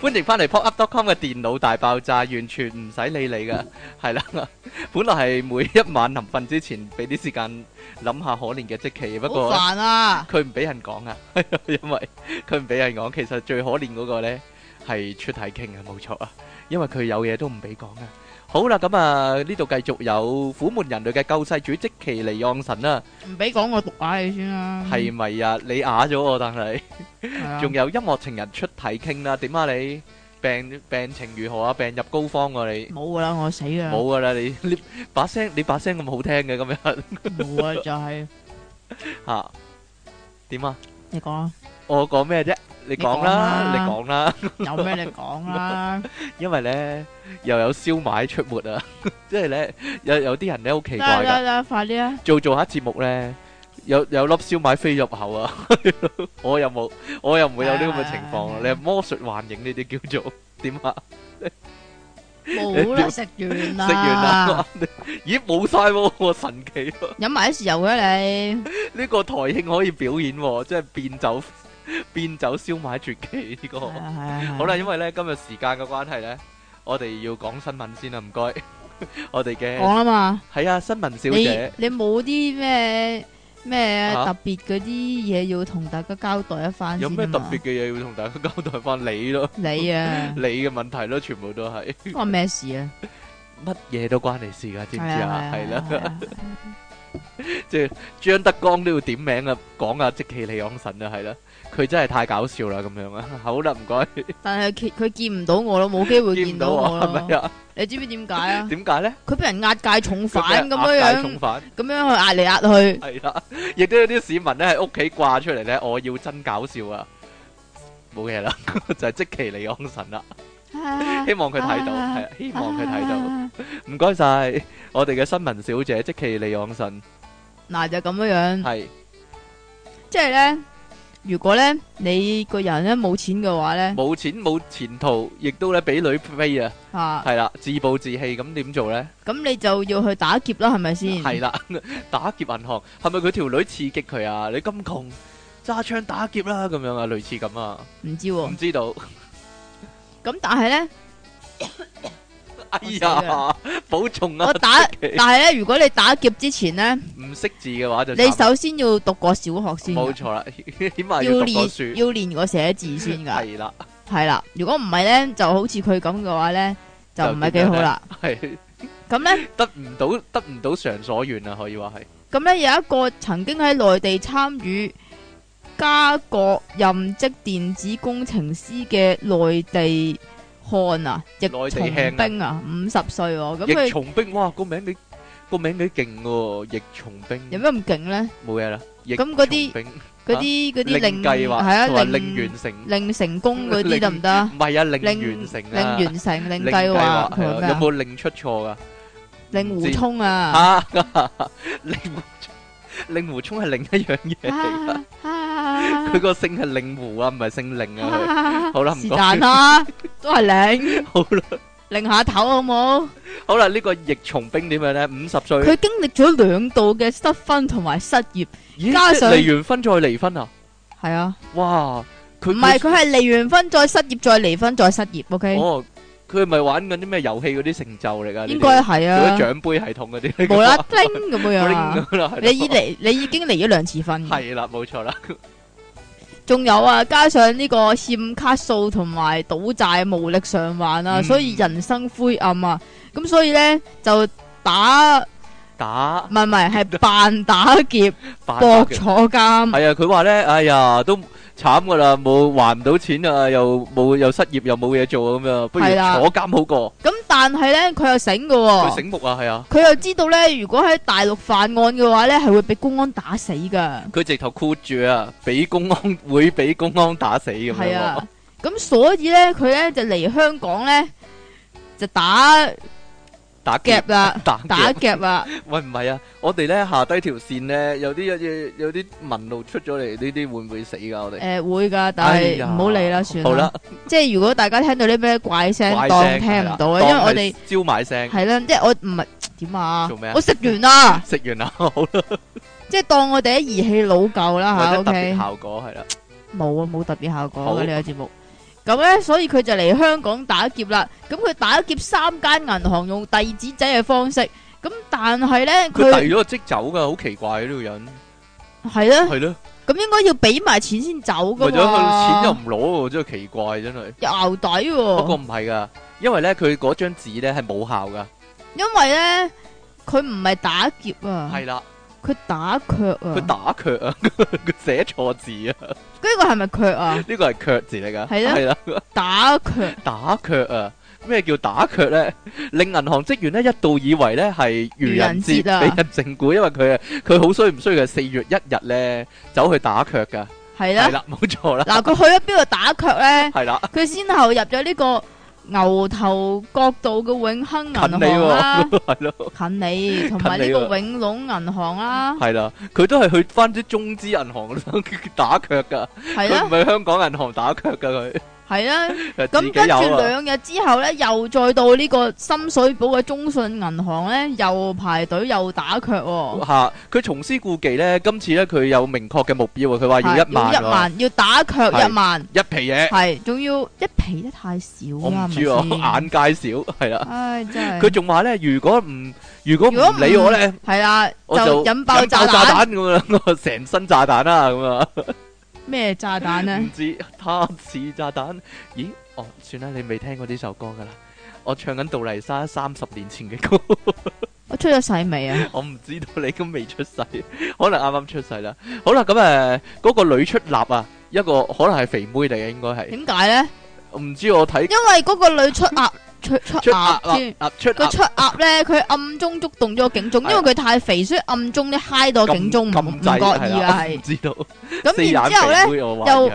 歡迎翻嚟 popup.com 嘅電腦大爆炸，完全唔使理你嘅，係啦。 本來係每一晚臨瞓 之前，俾啲時間諗下可憐嘅積淇，不過煩啊，佢唔俾人講啊，因為佢唔俾人講。其實最可憐嗰個呢係出體 king 啊，冇錯啊，因為佢有嘢都唔俾講啊。好啦，咁啊，呢度繼續有虎門人類嘅救世主積淇離岸神啦，唔俾講我毒啞你先啦，係咪呀？你啞咗喎，但係，仲有音樂情人出體 king 啦，點啊？你病病情如何啊？病入膏肓喎你，冇噶啦，我死噶，冇噶啦，你你把聲你把聲咁好聽嘅咁樣，冇啊，就係吓點啊？你講啊！我講咩啫？你講啦，你講啦。有咩你講啦？因為咧，又有燒賣出沒啊！即係咧，有有啲人咧好奇怪噶。嚟嚟嚟，快啲啊！做做下節目咧，有有粒燒賣飛入口啊！我又冇，我又唔會有呢個情況啊！你係魔術幻影呢啲叫做點啊？冇啦，食完啦，食完啦，咦？冇晒喎，神奇！飲埋啲豉油嘅你，呢個台慶可以表演喎，即係變走。變走燒賣絕技呢個好啦，因為咧今日時間嘅關係咧，我哋要講新聞先啦，唔該，我哋嘅講啦嘛，係啊，新聞小姐，你冇啲咩咩特別嗰啲嘢要同大家交代一翻？有咩特別嘅嘢要同大家交代翻你咯？你啊，你嘅問題咯，全部都係關咩事啊？乜嘢都關你事噶，知唔知啊？係啦，即係張德江都要點名啊，講啊，積淇離岸神啊，係啦。佢真係太搞笑啦，咁樣啊，好啦，唔該。但係佢見唔到我咯，冇機會見到我咯，係咪啊？你知唔知點解啊？點解咧？佢俾人押解重犯咁樣，押解重犯咁樣去壓嚟壓去。係啦，亦都有啲市民咧，喺屋企掛出嚟咧，我要真搞笑啊！冇嘢啦，就係積淇離岸神啦，希望佢睇到，希望佢睇到，唔該晒我哋嘅新聞小姐積淇離岸神。嗱就咁樣樣，係，即係咧。如果咧你個人咧冇錢嘅話咧，冇錢冇前途，亦都咧俾女飛啊！係啦，自暴自棄咁點做咧？咁你就要去打劫啦，係咪先？係啦，打劫銀行，係咪佢條女刺激佢啊？你咁窮，揸槍打劫啦，啊，咁樣啊，類似咁啊？唔知，唔知道。咁 但係咧。 哎呀，保重啊！我打但係咧，如果你打劫之前呢，唔識字嘅話就你首先要讀過小學先，冇錯啦，起碼要練要練個寫字先噶係 啦，係啦。如果唔係呢，就好似佢咁嘅話呢，就唔係幾好啦。係咁呢？得唔到得唔到償所願啊！可以話係。咁呢、嗯，嗯，有一個曾經喺內地參與加國任職電子工程師嘅內地。漢啊，翼從兵啊，五十歲咁。翼從兵哇，個名你個名幾勁喎，翼從兵。有咩咁勁咧？冇嘢啦。咁嗰啲嗰啲嗰啲令計劃係啊，令令完成令成功嗰啲得唔得啊？唔係啊，令完成令完成令計劃有冇令出錯噶？令狐沖啊，令狐沖，令狐沖係另一樣嘢。佢個姓係令狐啊，唔係姓令啊。好啦，是但啦，都係令。好啦，擰下頭好冇？好啦，呢個易從兵點樣咧？五十歲，佢經歷咗兩度嘅失婚同埋失業，加上離完婚再離婚啊。係啊，哇！佢唔係佢係離完婚再失業，再離婚再失業。O K。佢係咪玩緊啲咩遊戲嗰啲成就嚟噶？應該係啊，嗰啲獎杯系統嗰啲冇啦啦咁樣 魚魚啊你！你已離你已經離咗兩次婚、嗯，係啦，冇錯啦。仲 有啊，加上呢個欠卡數同埋賭債無力償還啊，所以人生灰暗啊。咁、啊嗯、所以咧就打打唔係唔係係扮打劫，搏坐監。係啊，佢話咧，哎呀都。慘噶啦，冇還唔到錢啊，又冇又失業又冇嘢做咁樣，不如坐監好過咁但係咧，佢又醒噶喎，佢醒目啊，係啊，佢又知道咧，如果喺大陸犯案嘅話咧，係會俾公安打死噶。佢直頭箍住啊，俾公安會俾公安打死咁樣。係啊，咁所以咧，佢咧就嚟香港咧就打。打夾啦，打夾啦。喂，唔係啊，我哋咧下低條線咧，有啲有嘢，有啲紋路出咗嚟，呢啲會唔會死噶？我哋誒會噶，但係唔好理啦，算啦。即係如果大家聽到啲咩怪聲，當聽唔到啊，因為我哋招埋聲係啦。即係我唔係點啊？做咩啊？我食完啦，食完啦，好啦。即係當我哋啲儀器老舊啦吓，OK。效果係啦，冇啊，冇特別效果。我哋呢個節目。咁咧，所以佢就嚟香港打劫啦。咁佢打劫三間銀行，用遞紙仔嘅方式。咁但係咧，佢遞咗即走噶，好奇怪呢個人。係咧的，係咧的。咁應該要俾埋錢先走噶。佢個錢又唔攞，真係奇怪，真係。又抵抵喎。不過唔係噶，因為咧佢嗰張紙咧係冇效噶。因為咧，佢唔係打劫啊。係啦。佢打卻啊！佢打卻啊！佢寫錯字啊！呢個係咪卻啊？呢個係卻字嚟噶，係啦，打卻，打卻啊！咩叫打卻咧？令銀行職員咧一度以為咧係愚人節俾人整蠱，因為佢啊，佢好衰唔衰嘅，四月一日咧走去打卻噶，係啦，係啦，冇錯啦。嗱，佢去咗邊度打卻咧？係啦，佢先後入咗呢、這個牛頭角道嘅永亨銀行啦、啊，係咯，近你同埋呢個永隆銀行啦、啊，係啦，佢都係去翻啲中資銀行打腳噶，係啊，佢唔係香港銀行打腳噶佢。係啦，咁跟住兩日之後咧，又再到呢個深水埗嘅中信銀行咧，又排隊又打劫、哦。吓、啊，佢重施故技咧，今次咧佢有明確嘅目標、哦，佢話要,、哦啊、要一萬，一萬要打劫一萬，啊、一皮嘢，係、啊，仲要一皮得太少啦，唔知、啊、眼界少，係啦、啊。唉、哎，真係。佢仲話咧，如果唔如果唔理我咧，係啦、啊，就引爆炸彈咁 啊，成身炸彈啦咁啊。咩炸彈啊？唔知它似炸彈？咦，哦，算啦，你未聽過呢首歌噶啦，我唱緊杜麗莎三十年前嘅歌。 我出咗世未啊？我唔知道你，你都未出世，可能啱啱出世啦。好啦，咁、嗯、誒、嗰、嗰個女出納啊，一個可能係肥妹嚟嘅，應該係。點解咧？我唔知，我睇。因為嗰個女出納。 出出鴨，個出鴨咧，佢暗中觸動咗個警鐘，因為佢太肥，所以暗中咧 high 到警鐘唔覺意啊，係知道。咁然之後咧，又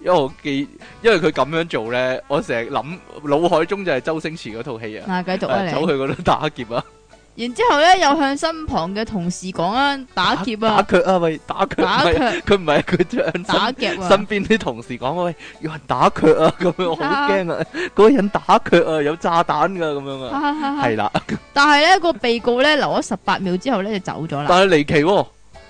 因為我記，因為佢咁樣做咧，我成日諗，腦海中就係周星馳嗰套戲啊，繼續啊，走去嗰度打劫啊。然之後咧，又向身旁嘅同事講啊，打劫啊，打劫啊，喂，打劫，佢唔係佢着，打劫啊，身邊啲同事講喂，有人打劫啊，咁樣我好驚啊，嗰個人打劫啊，有炸彈噶，咁樣啊，係啦。但係咧，個被告咧留咗十八秒之後咧就走咗啦。但係離奇喎，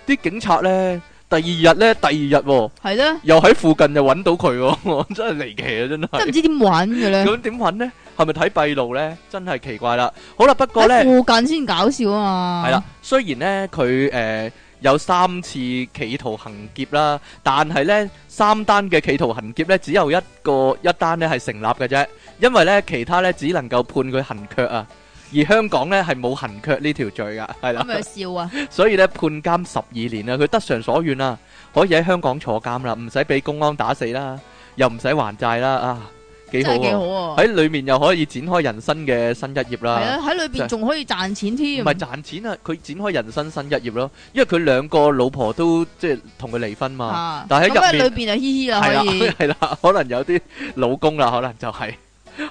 啲警察咧第二日咧第二日，係咧，又喺附近就揾到佢喎，真係離奇啊，真係。真唔知點揾嘅咧。咁點揾咧？係咪睇閉路呢？真係奇怪啦！好啦，不過呢，附近先搞笑啊嘛。係啦，雖然呢，佢誒、呃、有三次企圖行劫啦，但係呢，三單嘅企圖行劫呢，只有一個一單呢係成立嘅啫，因為呢，其他呢，只能夠判佢行竊啊，而香港呢，係冇行竊呢條罪噶，係啦。咁咪笑啊！ 所以呢，判監十二年啊，佢得償所願啦，可以喺香港坐監啦，唔使俾公安打死啦，又唔使還債啦啊！真係幾好喎！喺裏面又可以展開人生嘅新一頁啦。係啊，喺裏邊仲可以賺錢添。唔係賺錢啊，佢展開人生新一頁咯。因為佢兩個老婆都即係同佢離婚嘛。啊，但係喺裏邊啊，嘻嘻啊，可以係啦，係啦，可能有啲老公啦，可能就係。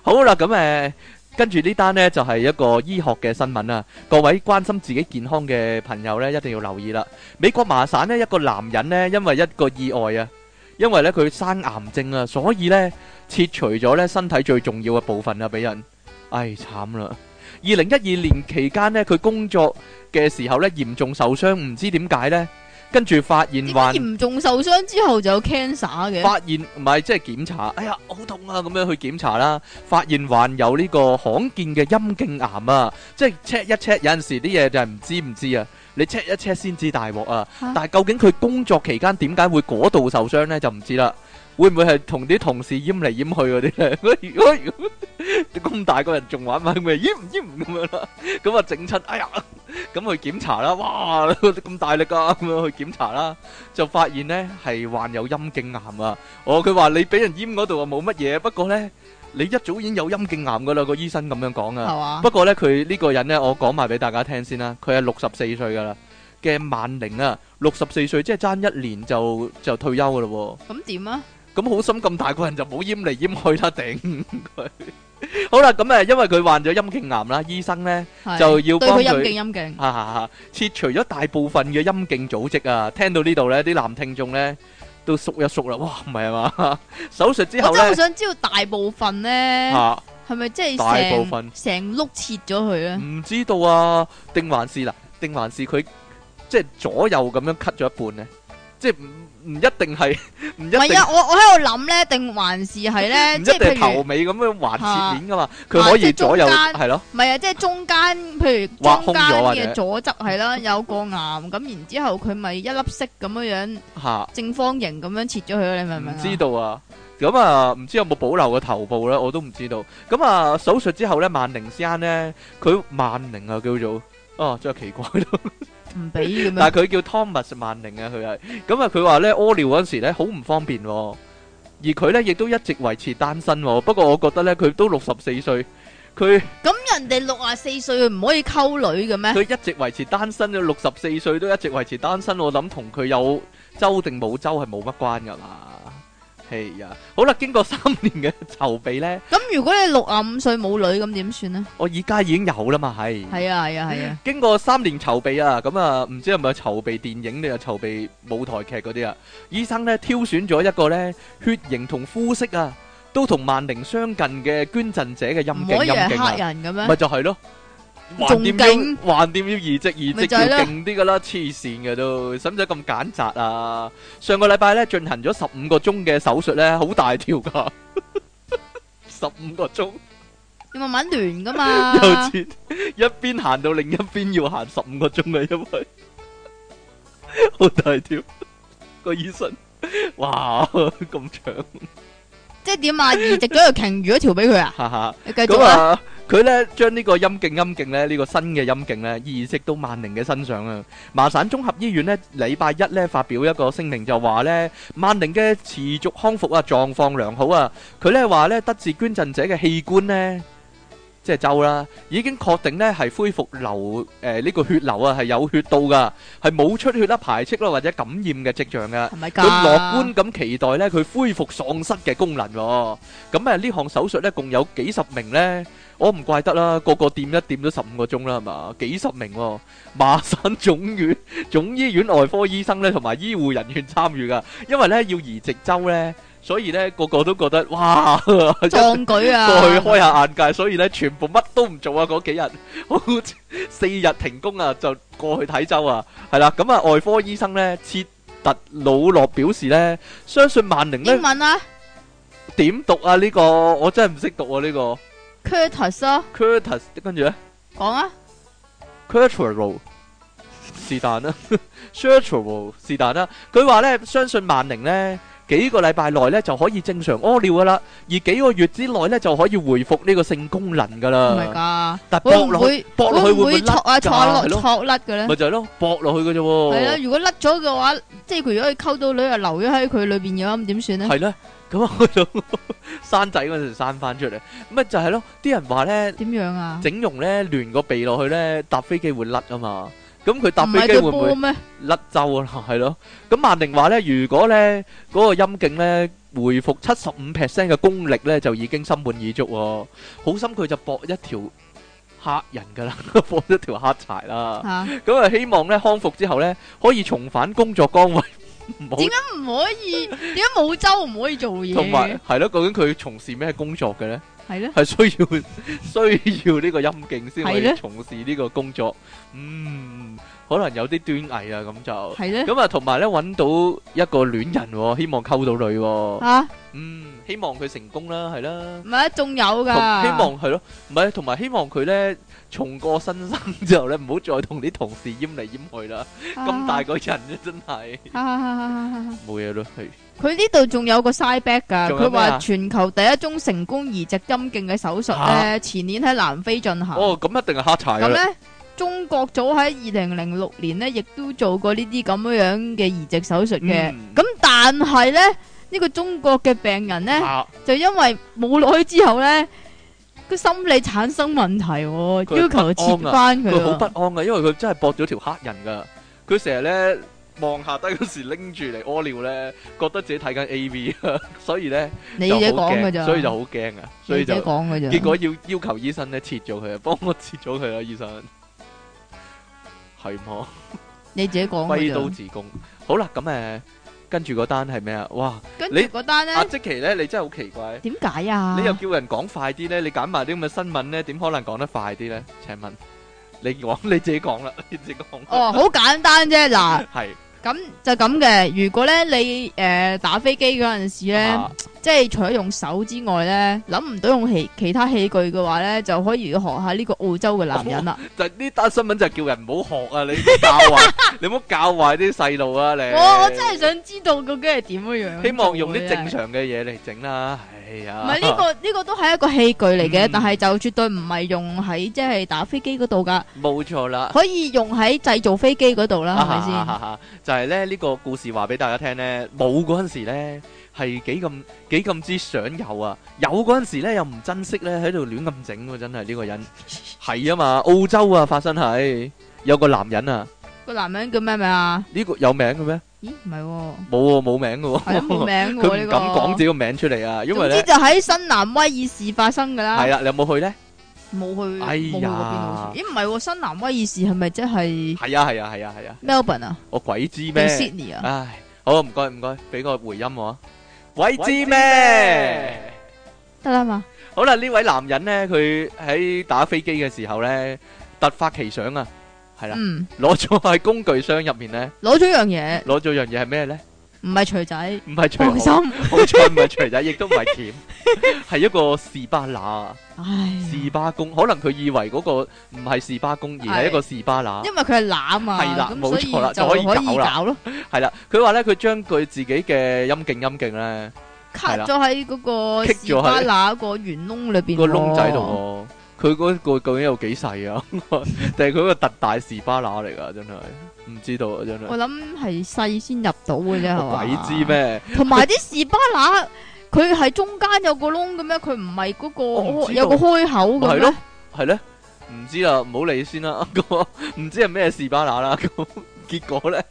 好啦，咁誒，跟住呢單呢就係一個醫學嘅新聞啊。各位關心自己健康嘅朋友呢，一定要留意啦。美國麻省呢一個男人呢，因為一個意外啊。因為咧佢生癌症啊，所以咧切除咗咧身體最重要嘅部分啊，俾人，唉慘啦！二零一二年期間咧，佢工作嘅時候咧嚴重受傷，唔知點解咧，跟住發現患嚴重受傷之後就有 cancer 嘅，發現唔係即係檢查，哎呀好痛啊咁樣去檢查啦，發現患有呢個罕見嘅陰莖癌啊，即係 check 一 check 有陣時啲嘢就係唔知唔知啊。你 check 一 check 先知大鑊啊！但係究竟佢工作期間點解會嗰度受傷咧？就唔知啦。會唔會係同啲同事閹嚟閹去嗰啲咧？如果咁大個人仲玩埋，係咪閹唔閹咁樣啦？咁啊整親哎呀，咁去檢查啦，哇咁大力啊，咁樣去檢查啦，就發現咧係患有陰莖癌啊！哦，佢話你俾人閹嗰度啊冇乜嘢，不過咧。你一早已經有陰莖癌噶啦，個醫生咁樣講啊。係嘛？不過咧，佢呢個人咧，我講埋俾大家聽先啦。佢係六十四歲噶啦嘅萬寧啊，六十四歲即係爭一年就就退休噶咯。咁點啊？咁好心咁大個人就冇閹嚟閹去啦，頂佢。好啦，咁啊，因為佢患咗陰莖癌啦，醫生咧就要幫佢陰莖陰莖，切除咗大部分嘅陰莖組織啊。聽到呢度咧，啲男聽眾咧，都縮一縮啦，哇，唔係啊嘛， 手術之後我真係好想知道大部分咧，係咪即係大部分成碌切咗佢咧？唔知道啊，定還是嗱，定還是佢即係左右咁樣 cut 咗一半咧？即係唔一定係，唔一定。唔係啊！我我喺度諗咧，定還是係咧，即係頭尾咁樣橫切面噶嘛，佢可以左右係咯。唔係啊，即係中間，譬如中間啲嘅左側係啦，有個癌咁，然之後佢咪一粒色咁樣樣，正方形咁樣切咗佢，你明唔明啊？唔知道啊，咁啊，唔知有冇保留個頭部咧，我都唔知道。咁啊，手術之後咧，萬寧先啱咧，佢萬寧啊叫做，哦，真係奇怪咯。但係佢叫 Thomas 萬寧啊，佢係咁啊，佢話咧屙尿嗰時咧好唔方便，而佢咧亦都一直維持單身。不過我覺得咧，佢都六十四歲，佢咁人哋六十四歲佢唔可以溝女嘅咩？佢一直維持單身啊，六十四歲都一直維持單身。我諗同佢有周定冇周係冇乜關㗎嘛。係啊，hey, yeah. 好啦，經過三年嘅籌備呢，咁、嗯、如果你六十五歲冇女，咁點算呢？我而家已經有啦嘛，係係啊，係啊，係啊，經過三年籌備啊，咁、嗯、啊，唔知係咪籌備電影定係籌備舞台劇嗰啲啊？醫生呢，挑選咗一個呢，血型同膚色啊，都同萬寧相近嘅捐贈者嘅陰莖，唔可以係黑人咁樣，咪、啊、就係、是、咯。橫掂要橫掂要移植，移植要勁啲噶啦，黐線噶都，使唔使咁揀擇啊？上個禮拜咧進行咗十五個鐘嘅手術咧，好大條噶，十五個鐘，要慢慢斷噶嘛，又切一邊行到另一邊要行十五個鐘嘅，因為好大條，個醫生哇咁長，即係點啊？移植咗條鯨魚一條俾佢啊？哈哈，你繼續啊！佢咧將呢個陰莖陰莖咧呢個新嘅陰莖咧移植到萬寧嘅身上啊。麻省綜合醫院咧禮拜一咧發表一個聲明就話咧萬寧嘅持續康復啊狀況良好啊。佢咧話咧得自捐贈者嘅器官咧即係周啦，已經確定咧係恢復流誒呢個血流啊係有血道噶，係冇出血啦、排斥啦或者感染嘅跡象噶。佢樂觀咁期待咧佢恢復喪失嘅功能。咁啊呢項手術咧共有幾十名咧。我唔怪得啦，個個掂一掂都十五個鐘啦，係嘛？幾十名麻省總院總醫院外科醫生咧，同埋醫護人員參與噶，因為咧要移植州咧，所以咧個個都覺得哇，壯舉啊！過去開下眼界，所以咧全部乜都唔做啊！嗰幾日，四日停工啊，就過去睇州啊，係啦。咁啊，外科醫生咧，切特魯諾表示咧，相信萬寧咧，英文啊，點讀啊？呢個我真係唔識讀啊呢個。Curtis，Curtis 跟住咧，講啊，Cultural 是但啦，Cultural 是但啦。佢話咧，相信萬寧咧，幾個禮拜內咧就可以正常屙尿噶啦，而幾個月之內咧就可以回復呢個性功能噶啦。唔係噶，會唔會剝落去會甩？咪就係咯，剝落去噶啫。係啊，如果甩咗嘅話，即係佢如果去溝到女又留咗喺佢裏邊嘅話，咁點算咧？係咧。咁啊，仲生仔嗰陣生翻出嚟，咁咪就係咯。啲人話咧，點樣啊？整容咧，亂個鼻落去咧，搭飛機會甩啊嘛。咁佢搭飛機會唔會甩皺啊？係咯。咁萬寧話咧，如果咧嗰個陰莖咧回復七十五 percent 嘅功力咧，就已經心滿意足。好心佢就搏一條黑人噶啦，搏一條黑柴啦。咁啊，希望咧康復之後咧，可以重返工作崗位。點解唔可以？點解冇周唔可以做嘢？同埋係咯，究竟佢要從事咩工作嘅咧？係咧呢，係需要需要呢個陰莖先可以從事呢個工作。嗯，可能有啲端倪啊，咁就係咧。咁啊的，同埋咧揾到一個戀人、哦，希望溝到女、哦。吓、啊、嗯。希望佢成功啦，係啦，唔係啊，仲有噶，希望係咯，唔係，同埋希望佢咧重過新生之後咧，唔好再同啲同事冤嚟冤去啦，咁大個人啊，真係，冇嘢咯，係佢呢度仲有個 side back 噶，佢話全球第一宗成功移植陰莖嘅手術咧，前年喺南非進行。哦，咁一定係黑柴。咁咧，中國早喺二零零六年咧，亦都做過呢啲咁樣樣嘅移植手術嘅，咁但係咧。呢個中國嘅病人咧，就因為冇落去之後咧，個心理產生問題，要求切返佢。佢好不安噶，因為佢真係搏咗條黑人噶，佢成日咧望下低嗰時拎住嚟屙尿咧，覺得自己睇緊 AV 啊，所以咧，你自己講噶咋，所以就好驚啊，你自己講噶咋，結果要要求醫生咧切咗佢啊，幫我切咗佢啦，醫生，係麼？你自己講啊，揮刀自宮。好啦，咁誒。跟住嗰單係咩啊？哇！跟住嗰單咧，阿積淇咧，你真係好奇怪。點解啊？你又叫人講快啲咧？你揀埋啲咁嘅新聞咧，點可能講得快啲咧？請問你講你自己講啦，你自己講。哦，好簡單啫，嗱。 係。咁就咁嘅，如果咧你誒、呃、打飛機嗰陣時咧，啊、即係除咗用手之外咧，諗唔到用其其他器具嘅話咧，就可以學下呢個澳洲嘅男人啦。就呢單新聞就叫人唔好學啊！你教 你唔好教壞啲細路啊！ 你我我真係想知道究竟係點樣。希望用啲正常嘅嘢嚟整啦。 唔係，呢個呢個都係一個器具嚟嘅，但係就絕對唔係用喺即係打飛機嗰度噶。冇錯啦，可以用喺製造飛機嗰度啦，係咪先？就係咧，呢個故事話俾大家聽咧，冇嗰陣時咧係幾咁幾咁之想有啊，有嗰陣時咧又唔珍惜咧，喺度亂咁整，真係呢個人係啊嘛。澳洲啊發生喺有個男人啊，個男人叫咩名啊？呢個有名嘅咩？唔係，冇冇名嘅，係冇名，佢唔敢講自己個名出嚟啊！因為呢，總之就喺新南威爾士發生噶啦。係啊，你有冇去咧？冇去，哎呀，咦，唔係新南威爾士係咪即係？係啊，係啊，係啊，係啊。Melbourne 啊？我鬼知咩？Sydney 啊？唉，好唔該唔該，俾個回音我。鬼知咩？得啦嘛。好啦，呢位男人咧，佢喺打飛機嘅時候咧，突發奇想啊！係啦，攞咗喺工具箱入面咧，攞咗一樣嘢，攞咗一樣嘢係咩咧？唔係錘仔，唔係錘心，好彩唔係錘仔，亦都唔係鉗，係一個士巴拿，唉，士巴公，可能佢以為嗰個唔係士巴公，而係一個士巴拿，因為佢係攋啊，係啦，冇錯啦，就可以搞啦，係啦，佢話咧，佢將佢自己嘅陰莖、陰莖咧，卡咗喺嗰個士巴拿個圓窿裏邊個窿仔度。佢嗰個究竟有幾細啊？定係佢個特大士巴拿嚟噶？真係唔知道啊！真係我諗係細先入到嘅啫，鬼知咩？同埋啲士巴拿，佢係 中間有個窿嘅咩？佢唔係嗰個、哦、有個開口嘅咩？係咧？係咯，唔知啊，唔好理先啦。咁 唔知係咩士巴拿啦？咁 結果咧呢？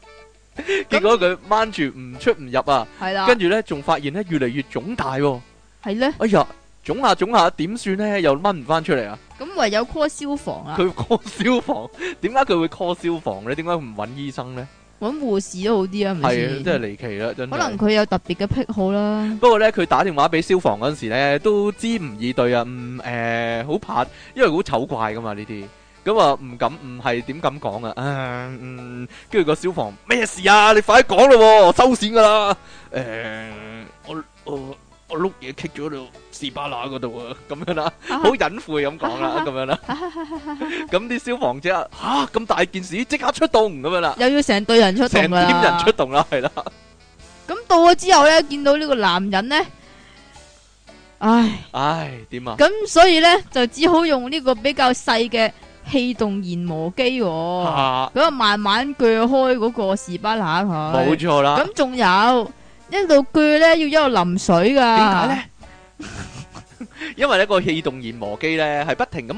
那結果佢掹住唔出唔入的越越啊！係啦的。跟住咧，仲發現咧，越嚟越腫大喎。係咧。哎呀！腫下腫下點算咧？又掹唔翻出嚟啊！咁唯有 call 消防啊！佢 call 消防，點解佢會 call 消防咧？點解唔揾醫生咧？揾護士都好啲啊！係啊，真係離奇啦！可能佢有特別嘅癖好啦。不過咧，佢打電話俾消防嗰陣時咧，都知唔易對啊。唔、嗯、誒，好、呃、怕，因為好醜怪噶嘛呢啲。咁啊，唔敢，唔係點敢講啊？嗯、跟住、呃嗯、個消防咩事啊？你快啲講咯，我收線噶啦。誒，我、呃、我。我我我我我碌嘢棘咗喺度，士巴拿嗰度啊，咁樣啦，好隱晦咁講啦，咁樣啦，咁啲消防者吓咁大件事即刻出動咁樣啦，又要成隊人出動啦，成 team 人出動啦，係啦。咁到咗之後咧，見到呢個男人咧，唉唉點啊？咁所以咧就只好用呢個比較細嘅氣動研磨機，咁啊慢慢鋸開嗰個士巴拿佢。冇錯啦。咁仲有。一路鋸咧，要一路淋水噶。點解咧？因為呢個氣動研磨機咧係不停咁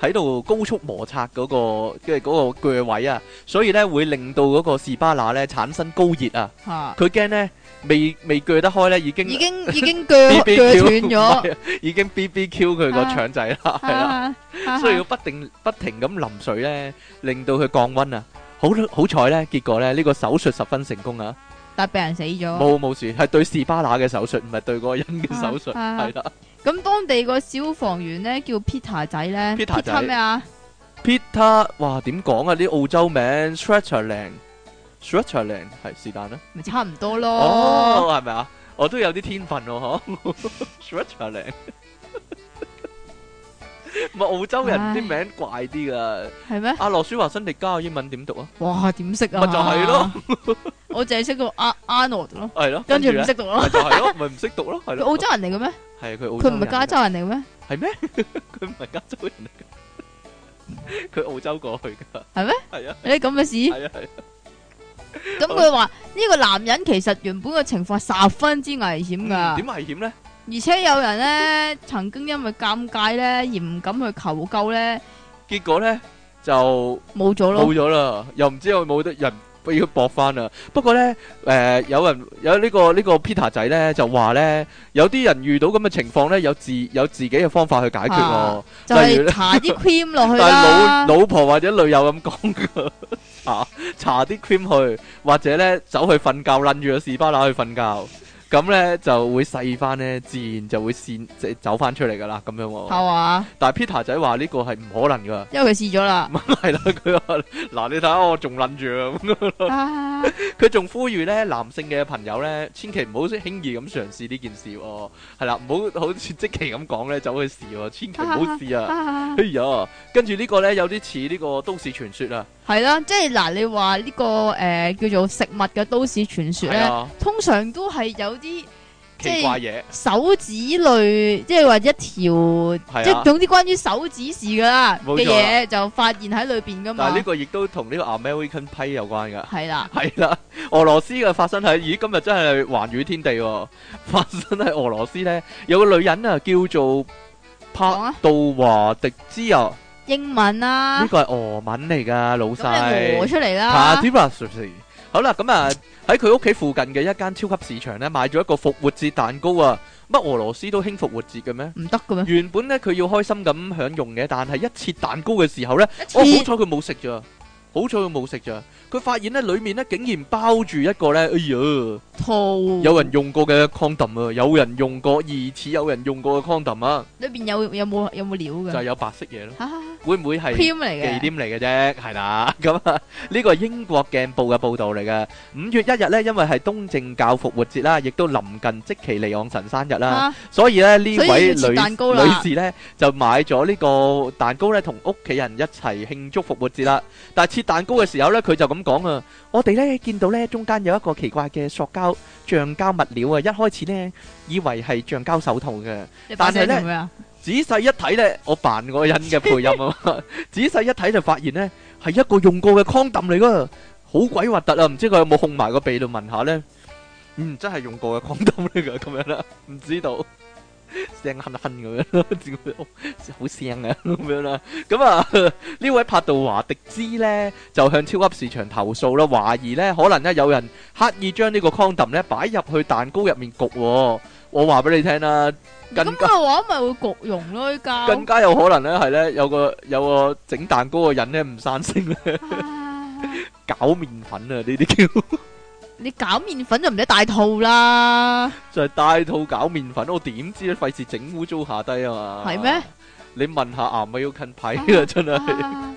喺度高速摩擦嗰個即係嗰個鋸位啊，所以咧會令到嗰個士巴拿咧產生高熱啊。吓，佢驚咧未未鋸得開咧，已經已經已經鋸鋸斷咗，已經 B B Q 佢個腸仔啦，係啦，所以要不定不停咁淋水咧，令到佢降溫啊。好好彩咧，結果咧呢個手術十分成功啊！但病人死咗，冇冇事，係對士巴拿嘅手術，唔係對嗰個人嘅手術，係啦。咁當地個消防員咧叫 Peter 仔咧，Peter 咩仔啊 Peter,？Peter，哇，點講啊？啲澳洲名，Switzerland，Switzerland 係是但啦，咪差唔多咯，係咪、哦哦、啊？我都有啲天分哦、啊，呵，Switzerland。唔係澳洲人啲名怪啲噶，係咩？阿羅舒華辛迪加個英文點讀啊？哇，點識啊？咪就係咯，我淨係識個 Arnold 咯，係咯，跟住唔識讀咯，咪就係咯，咪唔識讀咯，係咯。澳洲人嚟嘅咩？係佢澳，佢唔係加州人嚟嘅咩？係咩？佢唔係加州人嚟嘅，佢澳洲過去噶，係咩？係啊，有啲咁嘅事，係啊係啊。咁佢話呢個男人其實原本嘅情況十分之危險噶，點危險咧？而且有人咧，曾經因為尷尬咧而唔敢去求救咧，結果咧就冇咗咯，冇咗啦，又唔知有冇得人俾佢搏翻啦。不過咧，誒、呃，有人有呢、這個呢、這個 Peter 仔咧就話咧，有啲人遇到咁嘅情況咧，有自有自己嘅方法去解決喎、啊。就係搽啲 cream 落去啦 但係老，老婆或者女友咁講，搽搽啲 cream 去，或者咧走去瞓覺，撚住個士巴拿去瞓覺。咁咧就會細翻咧，自然就會線即走翻出嚟噶、啊、啦，咁樣喎。係 啊。但係 Peter 仔話呢個係唔可能噶，因為佢試咗啦。唔係啦，佢話嗱，你睇下我仲諗住啊。佢仲呼籲咧，男性嘅朋友咧，千祈唔好輕易咁嘗試呢件事喎、哦。係 啦，唔好好似積淇咁講咧，走去試喎、哦，千祈唔好試啊。啊啊哎呀，跟住呢個咧有啲似呢個都市傳說啊。係啦，即係嗱，你話呢、這個誒、呃、叫做食物嘅都市傳說咧，啊、通常都係有啲奇怪嘢手指類，即係話一條，即係、啊、總之關於手指事噶啦嘅嘢就發現喺裏邊噶嘛。但係呢個亦都同呢個 American Pie 有關噶，係啦、啊，係啦，俄羅斯嘅，發生喺咦，今日真係寰宇天地、哦、發生喺俄羅斯咧，有個女人啊叫做帕杜華迪之啊。英文啊？呢個係俄文嚟噶，老細。俄出嚟啦。俄羅斯好啦，咁啊喺佢屋企附近嘅一間超級市場咧，買咗一個復活節蛋糕啊！乜俄羅斯都興復活節嘅咩？唔得嘅咩？原本咧佢要開心咁享用嘅，但係一切蛋糕嘅時候咧，哦，好彩佢冇食咋，好彩佢冇食咋，佢發現咧裏面咧竟然包住一個咧，哎呀，套有人用過嘅 condom 啊，有人用過，疑似有人用過嘅 condom 啊，裏邊有，有冇，有冇料嘅？就係有白色嘢咯。會唔會係忌廉嚟嘅？忌廉嚟嘅啫，係啦。咁啊，呢個英國鏡報嘅報導嚟嘅。五月一日呢，因為係東正教復活節啦，亦都臨近積淇離岸神生日啦，蛤所以咧呢位女女士呢，就買咗呢個蛋糕呢，同屋企人一齊慶祝復活節啦。但係切蛋糕嘅時候呢，佢就咁講啊，我哋呢，見到呢中間有一個奇怪嘅塑膠橡膠物料啊，一開始呢，以為係橡膠手套嘅，但係呢……仔細一睇咧，我扮個人嘅配音啊！仔細一睇就發現咧，係一個用過嘅 condom 嚟㗎，好鬼核突啊！唔知佢有冇烘埋個鼻度聞下咧？嗯，真係用過嘅 condom 嚟㗎，咁樣啦，唔知道聲哼哼咁樣啦，好聲啊，咁樣啦。咁啊，呢位帕杜華迪茲咧就向超級市場投訴啦，懷疑咧可能咧有人刻意將呢個 condom 咧擺入去蛋糕入面焗。我話俾你聽啦。咁嘅話咪會焗溶咯，而家更加有可能咧係咧有個有個整蛋糕個人咧唔生性咧，搞麵粉啊，呢啲叫你搞麵粉就唔使戴套啦，就係戴套搞麵粉，我點知咧，費事整污糟下低啊嘛？係咩？你問下啊，咪要近排啦，真係。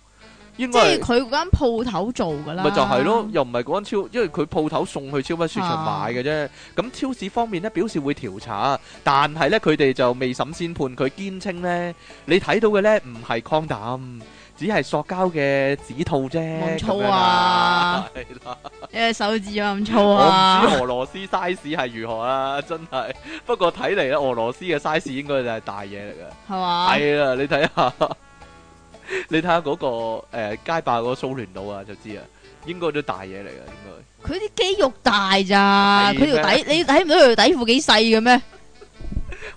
即係佢嗰間鋪頭做噶啦，咪就係咯，又唔係嗰間超，因為佢鋪頭送去超級市場買嘅啫。咁、啊、超市方面咧表示會調查，但係咧佢哋就未審先判，佢堅稱咧你睇到嘅咧唔係 condom，只係塑膠嘅指套啫。粗啊，係啦，因手指咁粗啊！我唔知俄羅斯 size 係如何啊，真係。不過睇嚟咧，俄羅斯嘅 size 應該就係大嘢嚟嘅，係嘛嗎？係啦，你睇下。你睇下嗰個誒街霸個蘇聯佬啊，就知啊，應該都大嘢嚟噶，應該。佢啲肌肉大咋，佢條底你睇唔到佢條底褲幾細嘅咩？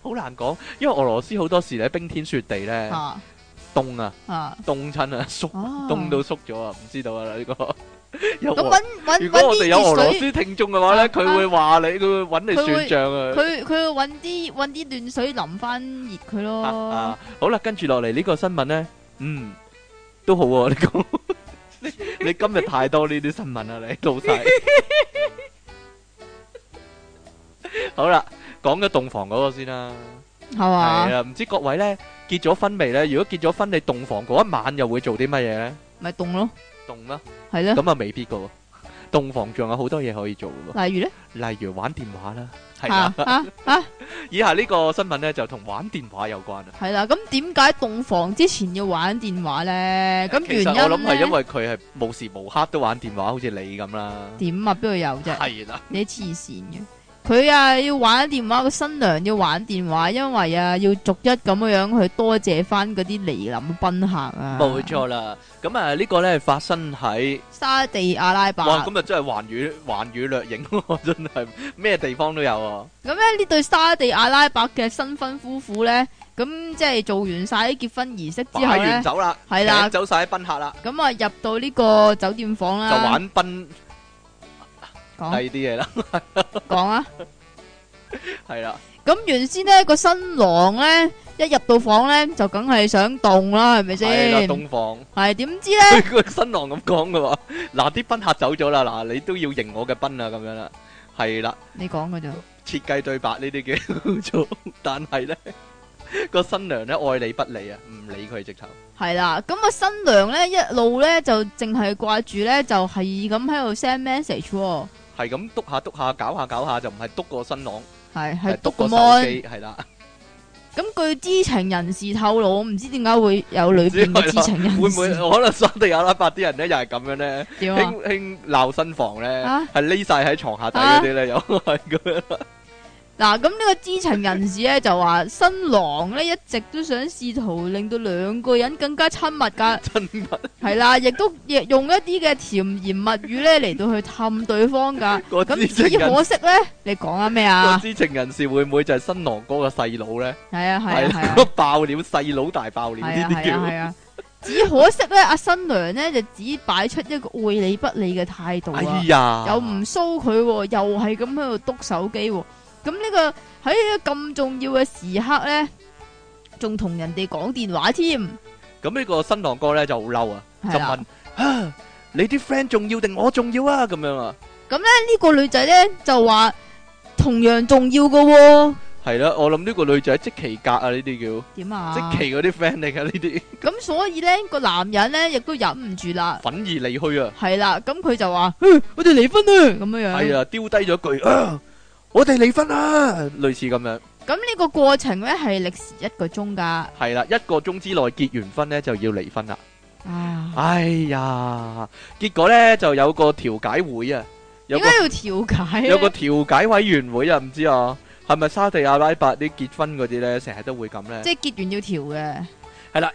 好難講，因為俄羅斯好多時咧冰天雪地咧，凍啊，凍親啊縮，凍到縮咗啊，唔知道啊呢個。如果我哋有俄羅斯聽眾嘅話咧，佢會話你，佢會搵你算賬啊。咁搵搵搵啲暖水淋翻熱佢咯。啊好啦，跟住落嚟呢個新聞咧。嗯，都好啊！你講你你今日太多呢啲新聞啦，你老細。好啦，講嘅洞房嗰個先啦，係嘛？係啊，唔知各位咧結咗婚未咧？如果結咗婚，你洞房嗰一晚又會做啲乜嘢咧？咪洞咯，洞咯，係咯。咁啊，未必噶，洞房仲有好多嘢可以做噶。例如咧，例如玩電話啦。係啊，啊 以下呢個新聞咧就同玩電話有關啦。係啦，咁點解洞房之前要玩電話咧？咁原因我諗係因為佢係無時無刻都玩電話，好似你咁啦。點啊？邊度有啫？係啦的，你黐線嘅。 佢啊，要玩電話個新娘要玩電話，因為啊，要逐一咁樣樣去多謝翻嗰啲嚟臨賓客啊。冇錯啦，咁啊呢個咧發生喺沙地阿拉伯。哇，咁就真係寰宇寰宇掠影，真係咩地方都有。咁咧呢對沙地阿拉伯嘅新婚夫婦咧，咁即係做完晒啲結婚儀式之後咧，係完走啦，係啦，走晒啲賓客啦。咁啊入到呢個酒店房啦，就玩賓。講低啲嘢啦，講啊，係啦。咁原先呢個新郎咧一入到房咧就梗係想凍啦，係咪先？洞房係點知咧？個新郎咁講噶嘛？嗱，啲賓客走咗啦，嗱、啊，你都要迎我嘅賓啊，咁樣、啊、啦。係啦，你講噶咋？設計對白呢啲叫做，但係咧個新娘咧愛理不理啊，唔理佢直頭。係啦，咁個新娘咧一路咧就淨係掛住咧就係咁喺度 send message。係咁篤下篤下，搞下搞下就唔係篤個新郎，係係篤個手機，係啦。咁、嗯嗯、據知情人士透露，唔知點解會有女知情人會，會唔會可能沙地阿拉伯啲人咧又係咁樣咧，輕輕鬧新房咧，係匿晒喺床下底嗰啲咧，有係佢。 嗱，咁呢個知情人士咧就話新郎咧一直都想試圖令到兩個人更加親密噶，親密係啦，亦都亦用一啲嘅甜言蜜語咧嚟到去氹對方噶。咁只可惜咧，你講下咩啊？知情人士會唔會就係新郎哥嘅細佬咧？係啊係啊，爆料細佬大爆料呢啲叫。只可惜咧，阿新娘咧就只擺出一個愛理不理嘅態度啊，又唔騷佢，又係咁喺度督手機。咁呢個喺咁重要嘅時刻咧，仲同人哋講電話添。咁呢個新郎哥咧就好嬲啊，就問：你啲 friend 重要定我重要啊？咁樣啊？咁咧呢個女仔咧就話同樣重要噶。係啦，我諗呢個女仔即其格啊，呢啲叫點啊？即其嗰啲 friend 嚟噶呢啲。咁所以咧個男人咧亦都忍唔住啦，憤而離去啊。係啦，咁佢就話：我哋離婚啊。咁樣樣係啊，丟低咗一句。我哋離婚啦，類似咁樣。咁呢個過程咧係歷時一個鐘噶。係啦，一個鐘之內結完婚咧就要離婚啦。哎呀，結果咧就有個調解會啊。點解要調解？有個調解委員會啊，唔知啊，係咪沙地阿拉伯啲結婚嗰啲咧，成日都會咁咧。即係結完要調嘅。係啦，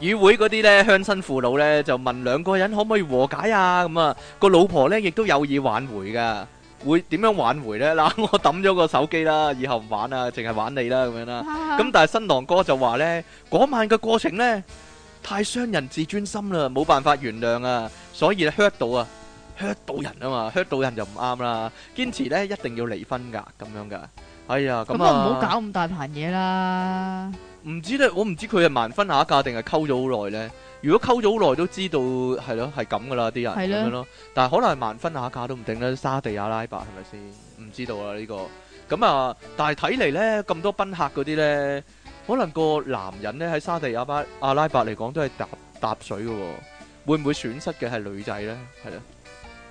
與會嗰啲咧鄉親父老咧就問兩個人可唔可以和解啊？咁啊，個老婆咧亦都有意挽回噶。會點樣挽回咧？嗱，我抌咗個手機啦，以後唔玩啦，淨係玩你啦咁樣啦。咁但係新郎哥就話咧，嗰晚嘅過程咧太傷人自尊心啦，冇辦法原諒啊，所以 Hurt 到啊，Hurt 到人啊嘛，Hurt 到人就唔啱啦，堅持咧一定要離婚噶咁樣噶。哎呀，咁啊，唔好搞咁大盤嘢啦。唔知咧，我唔知佢係盲婚啞嫁定係溝咗好耐咧。如果溝咗好耐都知道係咯，係咁噶啦，啲人咁樣咯，但係可能萬分下價都唔定啦，沙地阿拉伯係咪先？唔知道啊呢個。咁啊，但係睇嚟咧，咁多賓客嗰啲咧，可能個男人咧喺沙地阿拉伯嚟講都係搭搭水嘅喎，會唔會損失嘅係女仔咧？係啊。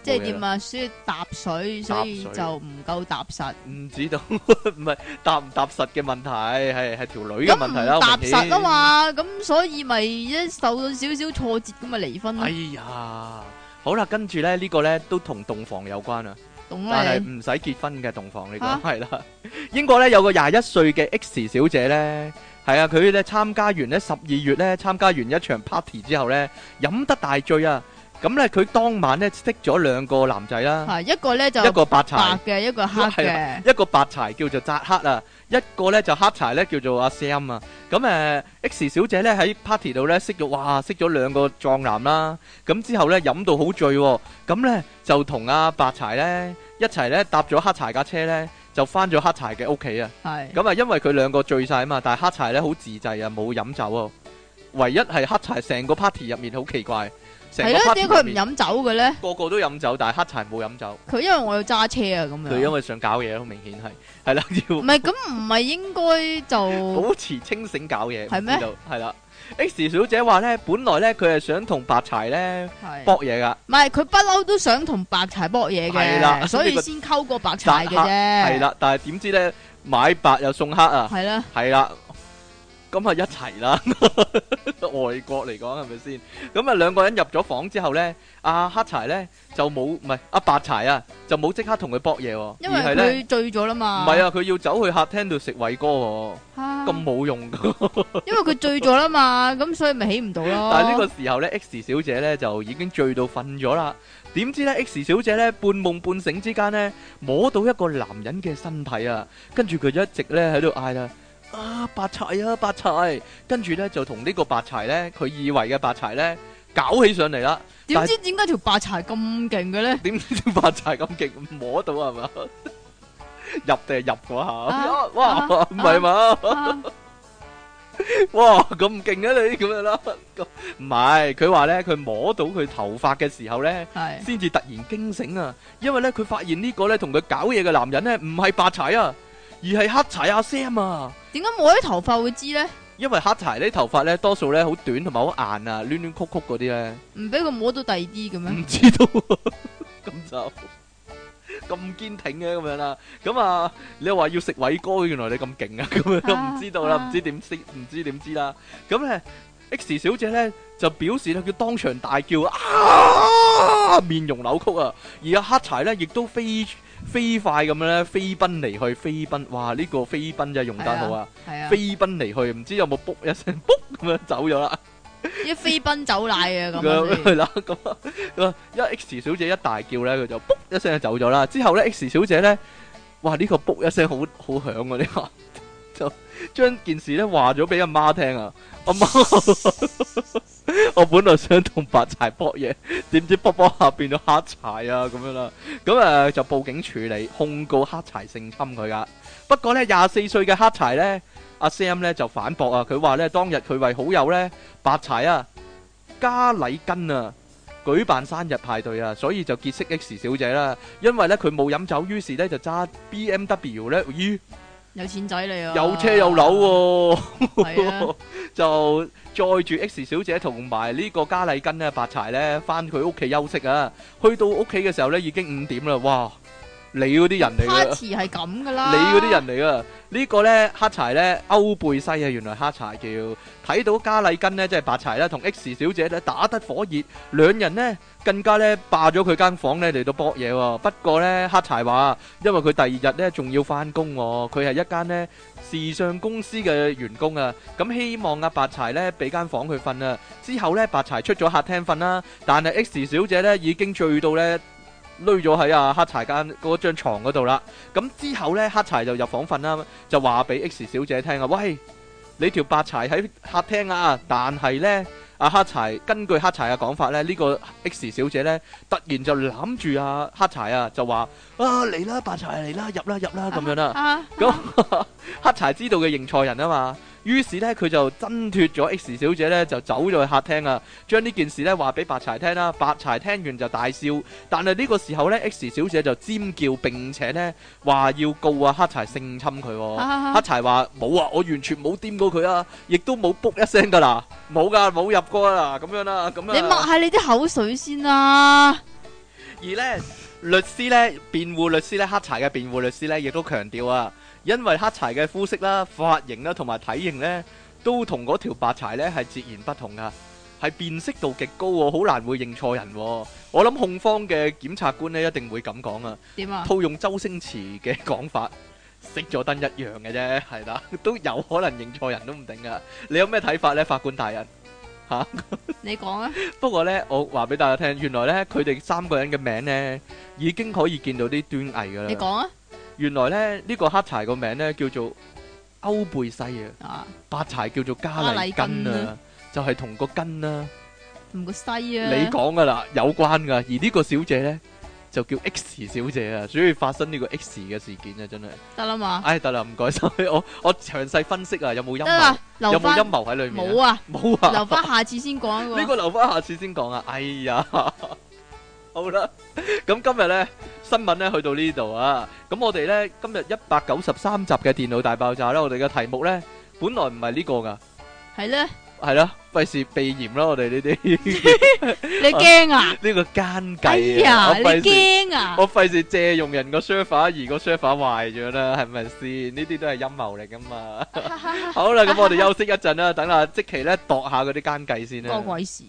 即係點啊？所以踏水，水所以就唔夠踏實。唔知道，唔係踏唔踏實嘅問題，係係條女嘅問題啦、啊。咁唔踏實啊嘛，咁、嗯、所以咪一受到少少挫折咁啊離婚。哎呀，好啦，這個、跟住咧呢個咧都同洞房有關啦，嗎但係唔使結婚嘅洞房呢、這個係啦。啊、 英國咧有個廿一歲嘅 X 小姐咧，係啊，佢咧參加完咧十二月咧參加完一場 party 之後咧飲得大醉啊！咁咧，佢當晚咧識咗兩個男仔啦，係一個咧就一個白柴嘅，一個黑嘅，一個白柴叫做扎克啊，一個咧就黑柴咧叫做阿 Sam 啊。咁誒，X 小姐咧喺 party 度咧識咗，哇，識咗兩個壯男啦。咁之後咧飲到好醉，咁咧就同阿白柴咧一齊咧搭咗黑柴架車咧，就翻咗黑柴嘅屋企啊。係。咁啊，因為佢兩個醉曬啊嘛，但係黑柴咧好自制啊，冇飲酒啊。唯一係黑柴成個 party 入面好奇怪。係啦，點解佢唔飲酒嘅咧？個個都飲酒，但係黑柴冇飲酒。佢因為我要揸車啊，咁樣。佢因為想搞嘢，好明顯係，係啦要。唔係咁唔係應該就保持清醒搞嘢。係咩？係啦嗎，X 小姐話咧，本來咧佢係想同白柴咧的搏嘢噶。唔係，佢不嬲都想同白柴搏嘢嘅，係啦的，所以先溝過白柴嘅啫。係啦，但係點知咧買白又送黑啊？係啦的，係啦。咁啊一齊啦！外國嚟講，係咪先？咁啊兩個人入咗房之後咧，阿黑柴咧就冇，唔係阿白柴啊，就冇即刻同佢搏嘢。因為佢醉咗啦嘛。唔係啊，佢要走去客廳度食偉哥喎。吓，咁冇用噶。因為佢醉咗啦嘛，咁所以咪起唔到咯。但係呢個時候咧，X 小姐咧就已經醉到瞓咗啦。點知咧，X 小姐咧半夢半醒之間咧，摸到一個男人嘅身體啊，跟住佢就一直咧喺度嗌啦。啊！白柴啊，白柴，跟住咧就同呢個白柴咧，佢以為嘅白柴咧搞起上嚟啦。點知點解條白柴咁勁嘅咧？點知條白柴咁勁？摸到係嘛？入定入嗰下，哇！唔係嘛？哇咁勁啊！你咁樣啦，唔係佢話咧，佢摸到佢頭髮嘅時候咧，先至突然驚醒啊！因為咧佢發現呢個咧同佢搞嘢嘅男人咧唔係白柴啊，而係黑柴阿 Sam 啊！點解摸啲頭髮會知咧？因為黑柴啲頭髮咧，多數咧好短同埋好硬啊，攣攣曲曲嗰啲咧，唔俾佢摸到第二啲嘅咩？唔不知道咁 就咁堅挺嘅、啊、咁樣啦。咁啊，你又話要食偉哥，原來你咁勁啊！咁樣都唔、啊、知道啦，唔、啊、知點識，知，唔知點知啦。咁咧，X 小姐咧就表示佢當場大叫啊，面容扭曲啊，而阿黑柴咧亦都飛。飛快咁樣咧，飛奔離去，飛奔，哇！呢、這個飛奔就用得好啊，啊飛奔離去，唔知有冇卜一聲卜咁樣走咗啦，一飛奔走賴啊咁，係啦，咁啊，一 X 小姐一大叫咧，佢就卜一聲就走咗啦。之後咧，X 小姐咧，哇！呢、這個卜一聲好好響啊，呢個。就將件事咧話咗俾阿媽聽啊，阿媽，我本來想同白柴搏嘢，點知卜卜下變咗黑柴啊咁樣啦，咁誒就報警處理，控告黑柴性侵佢噶不過咧廿四歲嘅黑柴咧，阿 Sam 咧就反駁啊，佢話咧當日佢為好友咧白柴啊加禮根啊，舉辦生日派對啊，所以就結識 X 小姐啦。因為咧佢冇飲酒，於是咧就揸 BMW 咧。有錢仔嚟啊！有車有樓喎，就載住 X 小姐同埋呢個嘉麗根咧，白柴咧，翻佢屋企休息啊！去到屋企嘅時候咧，已經五點啦，哇！你嗰啲人嚟噶，黑柴係咁噶啦。你嗰啲人嚟噶，呢個咧黑柴咧歐貝西啊，原來黑柴叫睇到加禮根咧，即係白柴啦，同 X 小姐咧打得火熱，兩人咧更加咧霸咗佢間房咧嚟到博嘢喎。不過咧黑柴話，因為佢第二日咧仲要翻工喎，佢係一間咧時尚公司嘅員工啊。咁希望阿白柴咧俾間房佢瞓啦。之後咧白柴出咗客廳瞓啦，但係 X 小姐咧已經醉到咧。攞咗喺阿黑柴間嗰張床嗰度啦，咁之後呢，黑柴就入房瞓啦，就話俾 X 小姐聽啊，喂，你條白柴喺客廳啊，但係呢，阿、啊、黑柴根據黑柴嘅講法呢，呢、呢個 X 小姐呢，突然就攬住阿黑柴啊，就話啊嚟啦，白柴嚟啦，入啦入啦咁樣啦，咁 黑柴知道嘅認錯人啊嘛。於是咧，佢就掙脫咗 X 小姐咧，就走咗去客廳啊，將呢件事咧，話俾白柴聽啦、啊。白柴聽完就大笑，但係呢個時候咧，X 小姐就尖叫，並且咧，話要告啊黑柴性侵佢、啊。啊啊、黑柴話冇啊，我完全冇掂過佢啊，亦都冇卜一聲噶啦，冇噶冇入過啊，咁樣啦、啊，咁樣。你抹下你啲口水先啊！而咧律師咧，辯護律師咧，黑柴嘅辯護律師咧亦都強調啊。因為黑柴嘅膚色啦、髮型啦同埋體型呢，都同嗰條白柴呢係截然不同噶，係辨識度極高喎，好難會認錯人喎。我諗控方嘅檢察官呢，一定會咁講啊。點啊？套用周星馳嘅講法，熄咗燈一樣嘅啫，係啦，都有可能認錯人都唔定噶。你有咩睇法呢，法官大人？吓？你講啊？不過呢，我話俾大家聽，原來呢佢哋三個人嘅名呢，已經可以見到啲端倪噶啦。你講啊？原來咧呢、呢個黑柴個名咧叫做歐貝西啊，白柴叫做加利根啊，根啊就係同個根啊，同個西啊。你講噶啦，有關噶。而呢個小姐咧就叫 X 小姐啊，所以發生呢個 X 嘅事件啊，真係得啦嘛。唉，得啦、哎，唔該晒。我，我詳細分析啊，有冇陰謀？得啦，留翻。有冇陰謀喺裏面？冇啊，冇啊，留翻下，下次先講。呢 個留翻下，下次先講啊！哎呀～好啦，咁今日咧新聞咧去到呢度啊，咁我哋咧今日一百九十三集嘅電腦大爆炸啦，我哋嘅題目咧本來唔係呢個噶，係咧，係咯，費事避嫌啦，我哋呢啲，你驚啊？呢個奸計啊，你驚啊？我費事借用人個梳化，而個梳化壞咗啦，係咪先？呢啲都係陰謀嚟噶嘛？好啦，咁我哋休息一陣啦，等下即期咧度下嗰啲奸計先啦。關鬼事！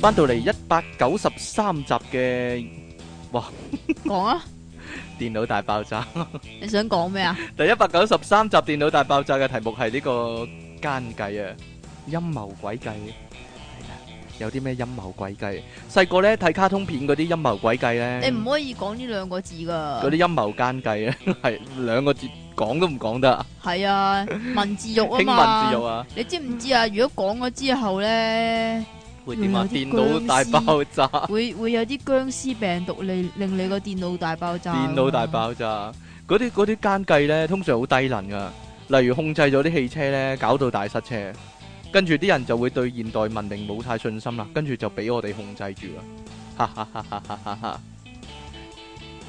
返到嚟，一百九十三集嘅，哇！講啊！電腦大爆炸。你想講咩啊？第一百九十三集電腦大爆炸嘅題目係呢個奸計啊，陰謀詭計。係啦，有啲咩陰謀詭計？細個咧睇卡通片嗰啲陰謀詭計咧。你唔可以講呢兩個字噶。嗰啲陰謀奸計啊，係兩個字講都唔講得。係啊，文字獄啊嘛。興文字獄啊！你知唔知啊？如果講咗之後咧？會點啊？電腦大爆炸會會有啲僵屍病毒嚟，令你個電腦大爆炸。電腦大爆炸，嗰啲嗰啲奸計咧，通常好低能噶。例如控制咗啲汽車咧，搞到大塞車，跟住啲人就會對現代文明冇太信心啦。跟住就俾我哋控制住啦。哈哈哈！哈哈哈！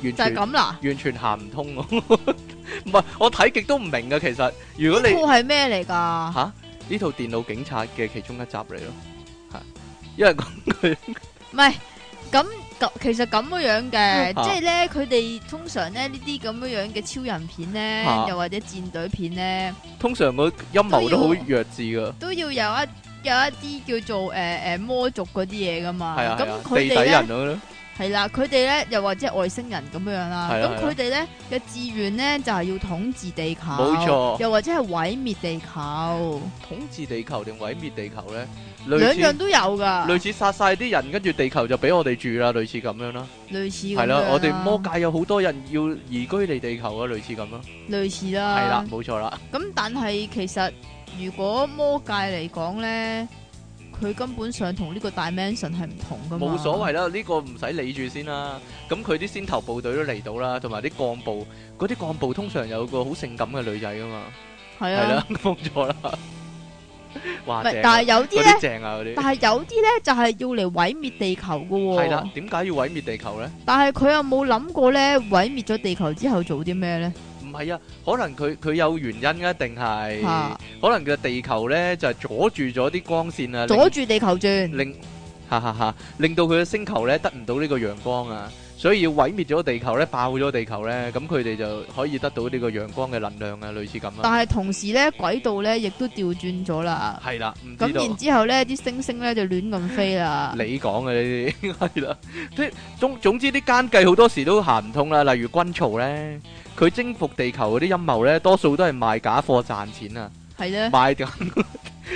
完就係咁啦，完全行唔通。唔 係我睇極都唔明噶。其實，如果你。係咩嚟噶？吓、啊，呢套電腦警察嘅其中一集嚟咯。因為咁佢唔係咁咁，其實咁樣樣嘅，即係咧，佢哋、啊、通常咧呢啲咁樣樣嘅超人片咧，啊、又或者戰隊片咧，通常個陰謀都好弱智噶，都要有一有一啲叫做誒誒、呃、魔族嗰啲嘢噶嘛，咁佢哋咧。那 係啦，佢哋咧又或者外星人咁樣啦，咁佢哋咧嘅志願咧就係要統治地球，冇錯，又或者係毀滅地球。統治地球定毀滅地球咧？兩樣都有噶。類似殺晒啲人，跟住地球就俾我哋住啦，類似咁樣啦。類似係咯，我哋魔界有好多人要移居離地球嘅，類似咁咯。類似啦。係啦，冇錯啦。咁但係其實如果魔界嚟講咧。佢根本上同呢個 dimension 係唔同噶嘛？冇所謂啦，呢個唔使理住先啦。咁佢啲先頭部隊都嚟到啦，同埋啲幹部，嗰啲幹部通常有個好性感嘅女仔噶嘛。係啊，封咗啦。話，但係有啲咧正啊，嗰啲。但係有啲咧就係要嚟毀滅地球噶喎。係啦，點解要毀滅地球咧？但係佢又冇諗過咧毀滅咗地球之後做啲咩咧？唔係啊，可能佢佢有原因啊，定係可能佢地球咧就係、是、阻住咗啲光線啊，阻住地球轉，令哈哈哈，令到佢嘅星球咧得唔到呢個陽光啊。所以要毀滅咗地球咧，爆咗地球咧，咁佢哋就可以得到呢個陽光嘅能量啊，類似咁啊。但係同時咧，軌道咧亦都調轉咗啦。係啦，唔知道。咁然之後咧，啲星星咧就亂咁飛啦。 你講嘅呢啲係啦，總總之啲奸計好多時都行唔通啦。例如軍曹咧，佢征服地球嗰啲陰謀咧，多數都係賣假貨賺錢啊。係咧的，賣假。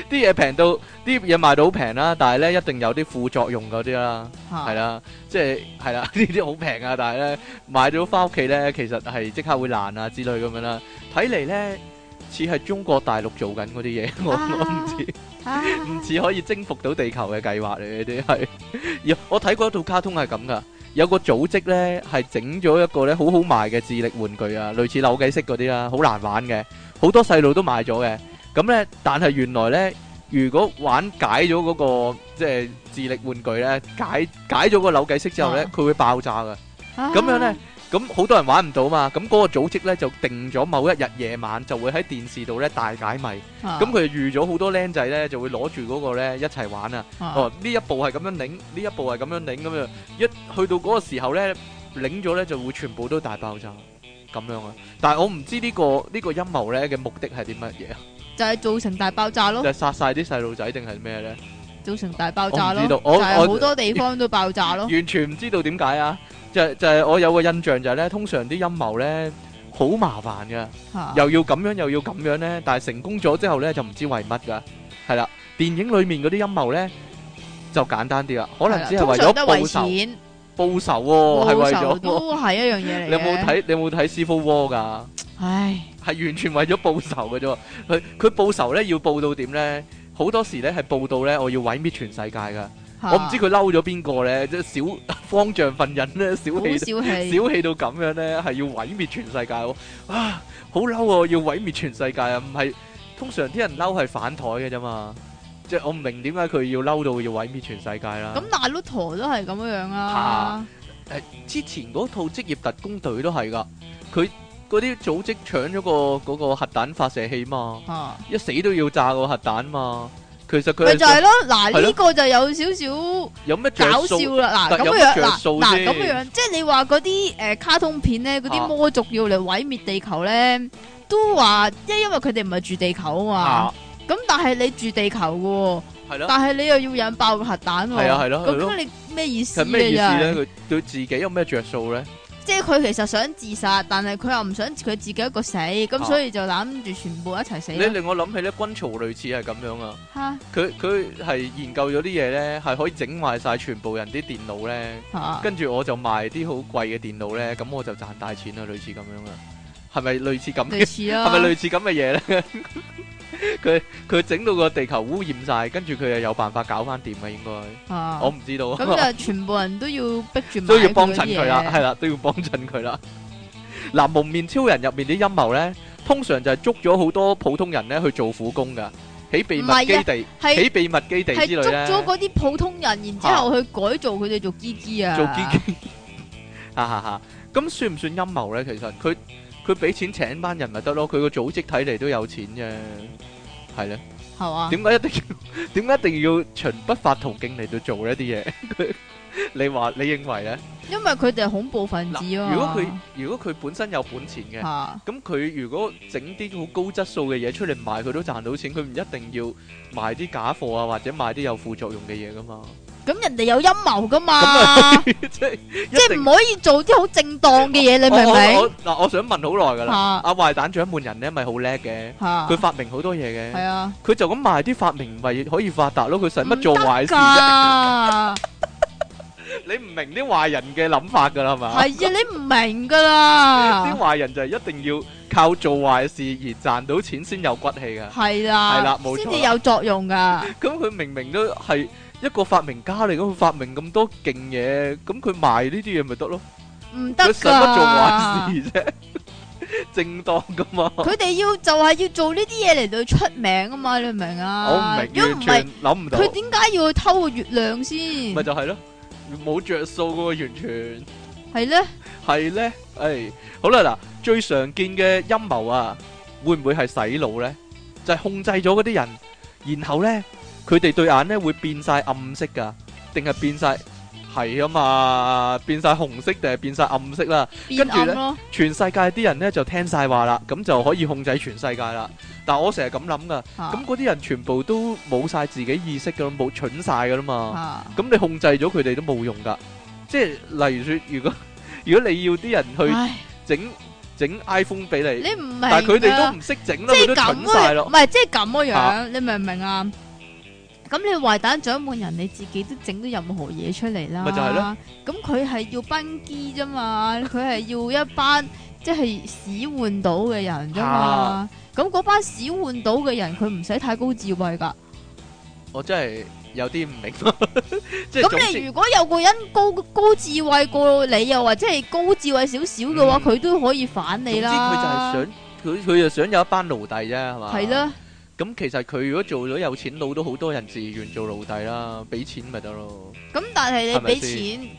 啲嘢平到啲嘢賣到好平啦，但係咧一定有啲副作用嗰啲啦，係啦、啊，即係係啦，呢啲好平啊，但係咧買到翻屋企咧，其實係即刻會爛啊之類咁樣啦。睇嚟咧似係中國大陸做緊嗰啲嘢，我我唔知，唔似可以征服到地球嘅計劃嚟，呢啲係。我睇過一套卡通係咁噶，有個組織咧係整咗一個咧好好賣嘅智力玩具啊，類似扭計骰嗰啲啦，好難玩嘅，好多細路都買咗嘅。咁咧，但係原來咧，如果玩解咗嗰個即係智力玩具咧，解解咗個扭計骰之後咧，佢會爆炸㗎。咁樣咧，咁好多人玩唔到嘛。咁嗰個組織咧就定咗某一日夜晚就會喺電視度咧大解密。咁佢預咗好多僆仔咧就會攞住嗰個咧一齊玩啊。哦，呢一步係咁樣擰，呢一步係咁樣擰咁樣啊！一去到嗰個時候咧，擰咗咧就會全部都大爆炸咁樣啊。但係我唔知呢個呢個陰謀咧嘅目的係啲乜嘢啊？就係造成大爆炸咯，就係殺晒啲細路仔定係咩咧？造成大爆炸咯，就係好多地方都爆炸咯。完全唔知道點解啊。就就係我有個印象就係咧，通常啲陰謀咧好麻煩噶，又要咁樣又要咁樣咧，但係成功咗之後咧就唔知為乜噶，係啦。電影裏面嗰啲陰謀咧就簡單啲啦，可能只係為咗錢，報仇，報仇係為咗都係一樣嘢嚟。你有冇睇你有冇睇《Civil War》噶？唉。係完全為咗報仇嘅啫，佢佢報仇咧要報到點咧？好多時咧係報到咧，我要毀滅全世界噶。啊、我唔知佢嬲咗邊個咧，即係小方丈份人咧，小氣，小氣到咁樣咧，係要毀滅全世界喎！啊，好嬲啊，要毀滅全世界啊！唔係通常啲人嬲係反台嘅啫嘛，即係我唔明點解佢要嬲到要毀滅全世界啦。咁大碌陀都係咁樣啊？誒、呃，之前嗰套職業特工隊都係噶，佢。嗰啲組織搶咗個個核彈發射器嘛，一死都要炸個核彈嘛。其實佢咪就係咯，嗱呢個就有少少有咩搞笑啦。嗱咁樣，嗱嗱咁樣，即係你話嗰啲誒卡通片咧，嗰啲魔族要嚟毀滅地球咧，都話即係因為佢哋唔係住地球啊嘛。咁但係你住地球嘅，但係你又要引爆個核彈，咁你咩意思啊？佢對自己有咩着數咧？即係佢其實想自殺，但係佢又唔想佢自己一個死，咁、啊、所以就攬住全部一齊死。你令我諗起咧，軍曹類似係咁樣啊。吓哈，佢佢係研究咗啲嘢咧，係可以整壞晒全部人啲電腦咧。跟住、啊、我就賣啲好貴嘅電腦咧，咁我就賺大錢啦，類似咁樣啊。係咪類似咁？類似啊。係咪類似咁嘅嘢咧？ 是 佢佢整到個地球污染晒，跟住佢又有辦法搞翻掂啊應該，我唔知道。咁就全部人都要逼住都要幫襯佢啦，係啦，都要幫襯佢啦。嗱，蒙面超人入面啲陰謀咧，通常就係捉咗好多普通人咧去做苦工噶起秘密基地，起秘密基地之類啦。捉咗嗰啲普通人，然之後去改造佢哋做 G G 啊，做 G G。哈哈哈，咁算唔算陰謀咧？其實佢。佢俾錢請班人咪得咯，佢個組織睇嚟都有錢嘅。係咧，係嘛、啊？點解一定要點解一定要循不法途徑嚟到做呢啲嘢？ 你話你認為咧？因為佢哋恐怖分子啊！如果佢如果佢本身有本錢嘅，咁佢、啊、如果整啲好高質素嘅嘢出嚟賣，佢都賺到錢，佢唔一定要賣啲假貨啊，或者賣啲有副作用嘅嘢噶嘛？咁人哋有陰謀噶嘛？即係即係唔可以做啲好正當嘅嘢，你明唔明？嗱，我想問好耐噶啦。阿壞蛋掌門人咧，咪好叻嘅。佢發明好多嘢嘅。係啊。佢就咁賣啲發明，咪可以發達咯。佢使乜做壞事啫？你唔明啲壞人嘅諗法噶啦，係嘛？係啊，你唔明噶啦。啲壞人就係一定要靠做壞事而賺到錢先有骨氣噶。係啦，係啦，冇錯。先至有作用噶。咁佢明明都係。一個發明家嚟，咁佢發明咁多勁嘢，咁佢賣呢啲嘢咪得咯？唔得噶，做壞事啫，正當噶嘛。佢哋要就係要做呢啲嘢嚟到出名啊嘛，你明唔明啊？我唔明，完全諗唔到。佢點解要去偷個月亮先？咪就係咯，冇着數噶，完全係咧，係咧，誒，好啦，嗱，最常見嘅陰謀啊，會唔會係洗腦咧？就係控制咗嗰啲人，然後咧，佢哋對眼咧會變晒暗色噶，定係變晒係啊嘛？變晒紅色定係變晒暗色啦？變暗咯！跟住咧，全世界啲人咧就聽晒話啦，咁就可以控制全世界啦。但係我成日咁諗噶，咁嗰啲人全部都冇晒自己意識噶啦，冇蠢晒噶啦嘛。咁你控制咗佢哋都冇用噶，即係例如說，如果如果你要啲人去整整 iPhone 俾你，你唔係，但係佢哋都唔識整咯，佢都蠢晒咯。唔係，即係咁樣，你明唔明啊？咁你壞蛋掌門人，你自己都整到任何嘢出嚟啦。咪就係咯。咁佢係要兵機啫嘛，佢係要一班即係使換到嘅人啫嘛。咁嗰班使喚到嘅人，佢唔使太高智慧㗎。我真係有啲唔明。咁 總你如果有個人高高智慧過你，又或者係高智慧少少嘅話，佢、嗯、都可以反你啦。佢就係想，佢佢就想有一班奴隸啫，係嘛？係啦。咁其實佢如果做咗有錢佬，都好多人自願做奴隸啦，俾錢咪得咯。咁但係你俾錢，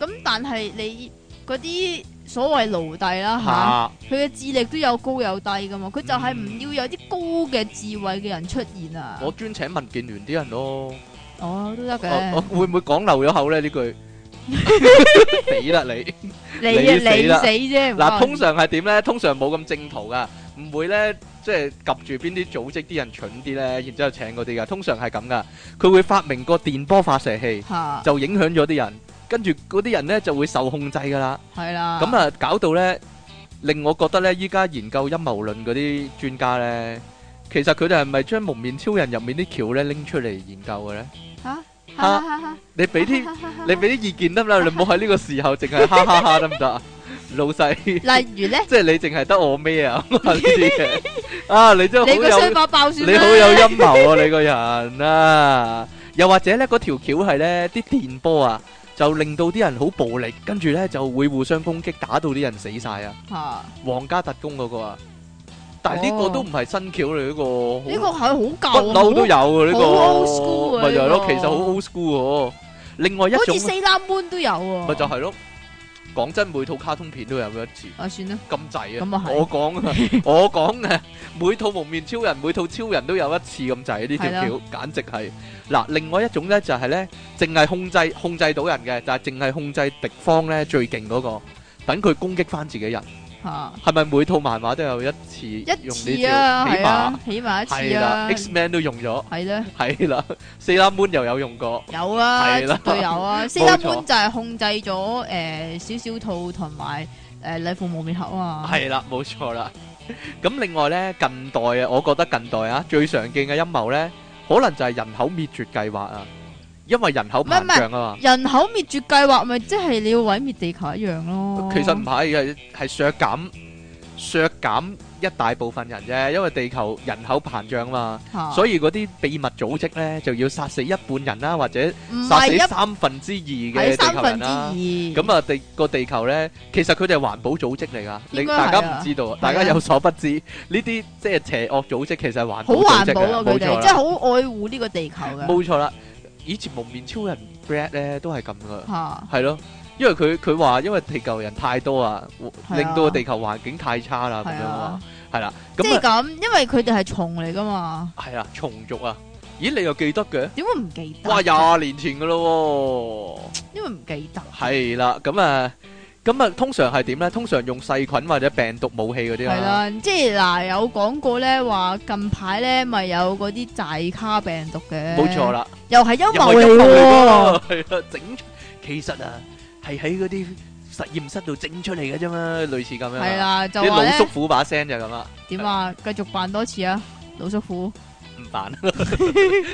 咁但係你嗰啲所謂奴隸啦吓，佢嘅智力都有高有低噶嘛，佢就係唔要有啲高嘅智慧嘅人出現啊！我專請民建聯啲人咯，哦，都得嘅。我會唔會講漏咗口咧？呢句死啦你，你啊你死啫！嗱，通常係點咧？通常冇咁正途噶，唔會咧。即係及住邊啲組織啲人蠢啲咧，然之後請嗰啲噶，通常係咁噶。佢會發明個電波發射器，就影響咗啲人，跟住嗰啲人咧就會受控制噶啦。係啦，咁啊搞到咧，令我覺得咧，依家研究陰謀論嗰啲專家咧，其實佢哋係咪將蒙面超人入面啲橋咧拎出嚟研究嘅咧？吓吓吓！你俾啲你俾啲意見得啦，你唔好喺呢個時候淨係哈哈哈得唔得啊？老細，例如咧，即係你淨係得我咩啊？我知嘅啊，你真係你個雙發爆閃，你好有陰謀啊！你個人啊，又或者咧，嗰條橋係咧啲電波啊，就令到啲人好暴力，跟住咧就會互相攻擊，打到啲人死晒啊！吓，皇家特工嗰個啊，但係呢個都唔係新橋嚟，呢個呢個係好舊，好老都有嘅呢個，咪就係咯，其實好 old school。另外一種，四爛 man 都有，咪就係咯。講真，每套卡通片都有一次。啊，算啦，咁滯啊！咁我係說 我講，我講嘅每套蒙面超人，每套超人都有一次咁滯，呢條橋簡直係。嗱，另外一種呢，就係、係、呢，淨係控制控制到人嘅，就係淨係控制敵方呢最勁嗰、嗰個，等佢攻擊返自己人。吓，係咪每套漫畫都有一次用呢招？起碼起碼一次啊！X Man 都用咗，係啦，係啦，四啦 Moon 又有用過，有啊，都有啊。四啦 Moon 就係控制咗誒，小小兔同埋誒，女父母滅口啊！係啦，冇錯啦。咁另外咧，近代啊，我覺得近代啊，最常見嘅陰謀咧，可能就係人口滅絕計劃啊。因為人口膨脹啊嘛，人口滅絕計劃咪即係你要毀滅地球一樣咯。其實唔係，係係削減削減一大部分人啫。因為地球人口膨脹嘛，啊、所以嗰啲秘密組織咧就要殺死一半人啦，或者殺死三分之二嘅三分之二咁啊，地個地球咧，其實佢哋係環保組織嚟噶。應該係啊。大家唔知道，的大家有所不知，呢啲即係邪惡組織，其實係環保好環保啊！佢哋們即係好愛護呢個地球噶。冇錯啦。以前蒙面超人 Brad 咧都係咁噶，係咯、啊，因為佢佢話因為地球人太多啊，令到個地球環境太差啦咁啊，係啦，即係咁，因為佢哋係蟲嚟噶嘛，係啊，蟲族啊，咦，你又記得嘅？點會唔記得？哇，廿年前噶咯喎，因為唔記得。係啦，咁啊。呃咁啊，通常係點咧？通常用細菌或者病毒武器嗰啲啊。係啦，即係嗱，有講過咧，話近排咧咪有嗰啲寨卡病毒嘅。冇錯啦，又係陰謀嚟。又係陰謀嚟噶，係啦，整其實啊，係喺嗰啲實驗室度整出嚟嘅啫嘛，類似咁樣。係啦，就話咧，老叔父把聲就咁啦。點啊？繼續扮多次啊，老叔父。唔扮，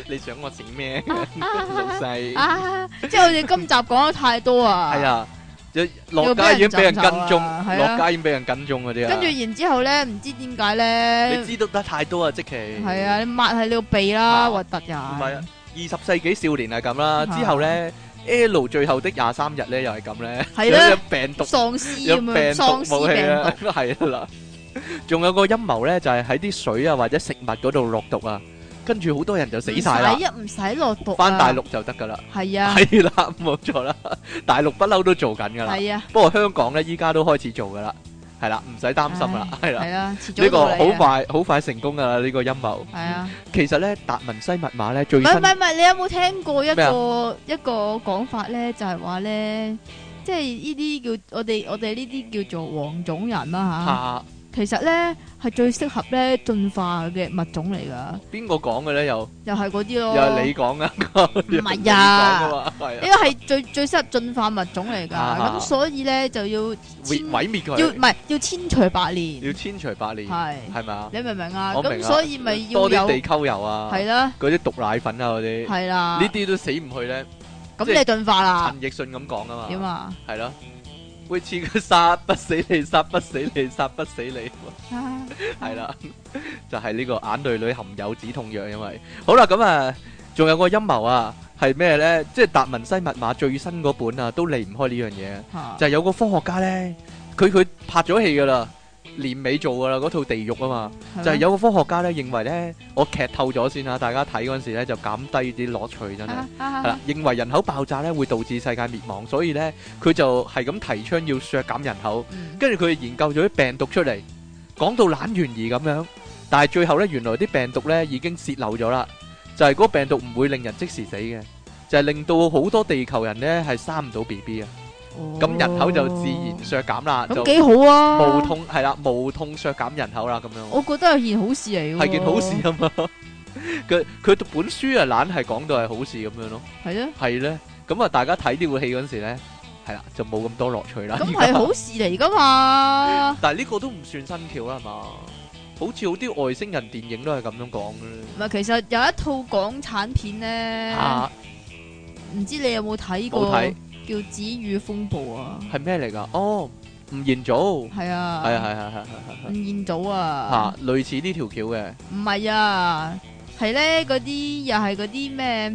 你想我整咩老細？啊，即係我哋今集講得太多啊。係啊。落街已經俾人跟蹤，落街已經俾人跟蹤嗰啲啊。跟住然之後咧，唔知點解咧，你知道得太多啊！即其係啊，你抹係你鼻啦，核突呀！唔係二十世紀少年係咁啦，啊、之後咧《L 最後的廿三日》咧又係咁咧，啊、有病毒喪屍咁啊，喪屍病毒係啦，仲有個陰謀咧就係喺啲水啊或者食物嗰度落毒啊。跟住好多人就死曬啦！唔使落毒，返大陸就得噶啦。係啊，係啦，冇錯啦，大陸不嬲都做緊噶啦。係啊，不過香港咧，依家都開始做噶啦。係啦，唔使擔心啦。係啦，呢個好快，好快成功噶啦，呢個陰謀。係啊，其實咧，達文西密碼咧，最唔係唔係，你有冇聽過一個一個講法咧？就係話咧，即係呢啲叫我哋我哋呢啲叫做黃種人啦嚇。其實咧係最適合咧進化嘅物種嚟噶。邊個講嘅咧又？又係嗰啲咯。又係你講啊？唔係呀，呢個係最最適合進化物種嚟噶。咁所以咧就要毀滅佢，要唔係要千錘百煉？要千錘百煉，係，係咪啊？你明唔明啊？咁所以咪要有地溝油啊？係啦，嗰啲毒奶粉啊，嗰啲係啦，呢啲都死唔去咧。咁你進化啦？陳奕迅咁講噶嘛？點啊？係咯。會似佢殺不死你，殺不死你，殺不死你，係啦，就係呢個眼淚裏含有止痛藥，因為好啦，咁啊，仲有個陰謀啊，係咩咧？即係達文西密碼最新嗰本啊，都離唔開呢樣嘢， 就係有個科學家咧，佢佢拍咗戲噶啦。年尾做噶啦，嗰套《地獄》啊嘛，就係、是、有個科學家咧，認為呢，我劇透咗先啊！大家睇嗰陣時咧就減低啲樂趣真，真係係啦。認為人口爆炸呢，會導致世界滅亡，所以呢，佢就係咁提倡要削減人口。跟住佢研究咗啲病毒出嚟，講到懶懸疑咁樣，但係最後呢，原來啲病毒呢已經洩漏咗啦，就係、是、嗰病毒唔會令人即時死嘅，就係、是、令到好多地球人呢係生唔到 BB 啊。咁、哦、人口就自然削減啦，嗯、就幾好啊！無痛係啦，無痛削減人口啦，咁樣。我覺得係件好事嚟，係 件好事啊呢嘛。佢佢讀本書啊，懶係講到係好事咁樣咯。係啊，係咧。咁啊，大家睇呢部戲嗰時咧，係啦，就冇咁多樂趣啦。咁係好事嚟噶嘛？ 但係呢個都唔算新橋啦嘛。好似好啲外星人電影都係咁樣講嘅。唔係，其實有一套港產片咧，啊、唔知你有冇睇過？冇睇。叫紫雨風暴啊，係咩嚟噶？哦，吳彥祖係啊，係啊，係係係係係吳彥祖啊，吓、啊、類似呢條橋嘅，唔係啊，係咧嗰啲又係嗰啲咩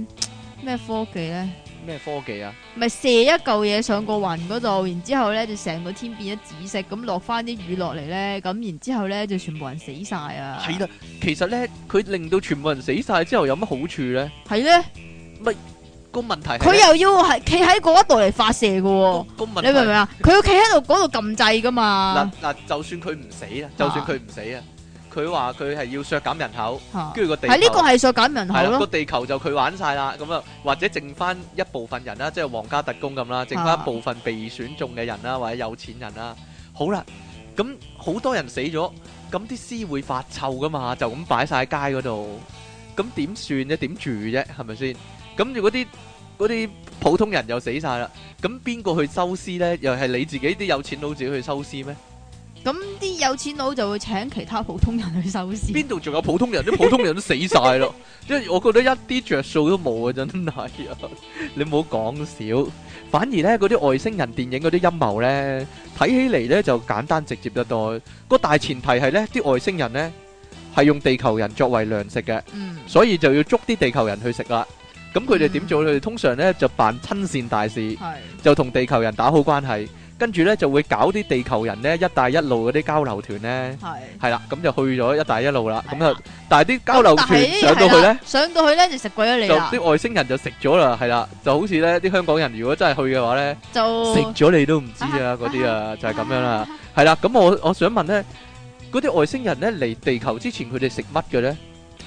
咩科技咧？咩科技啊？咪射一嚿嘢上個環嗰度，然之後咧就成個天變咗紫色，咁落翻啲雨落嚟咧，咁然之後咧就全部人死晒啊！係啦，其實咧佢令到全部人死晒之後有乜好處咧？係咧呢，咪。問題，佢又要係企喺嗰一度嚟發射嘅、哦，公問你明唔明啊？佢要企喺度嗰度撳掣噶嘛？嗱嗱， 就算佢唔死啊，就算佢唔死啊，佢話佢係要削減人口，跟住、啊、個地球係呢、啊、個係削減人口咯。個的、啊、地球就佢玩晒啦，咁啊，或者剩翻一部分人啦，即係皇家特工咁啦，剩翻一部分被選中嘅人啦，或者有錢人啦。好啦，咁好多人死咗，咁啲屍會發臭噶嘛？就咁擺晒喺街嗰度，咁點算啫？點住啫？係咪先？咁如果啲嗰啲普通人又死晒啦，咁邊個去收屍咧？又係你自己啲有錢佬自己去收屍咩？咁啲有錢佬就會請其他普通人去收屍。邊度仲有普通人？啲普通人都死晒咯，即係我覺得一啲着數都冇啊！真係啊，你唔好講笑，反而咧嗰啲外星人電影嗰啲陰謀咧，睇起嚟咧就簡單直接得多。個大前提係咧，啲外星人咧係用地球人作為糧食嘅，所以就要捉啲地球人去食啦。咁佢哋點做咧？佢哋通常咧就辦親善大事，就同地球人打好關係，跟住咧就會搞啲地球人咧一帶一路嗰啲交流團咧，係啦，咁就去咗一帶一路啦。咁啊，但係啲交流團上到去咧，上到去咧就食鬼咗你啦！就啲外星人就食咗啦，係啦，就好似咧啲香港人如果真係去嘅話咧，就食咗你都唔知啊！嗰啲啊就係咁樣啦，係啦。咁我我想問咧，嗰啲外星人咧嚟地球之前，佢哋食乜嘅咧？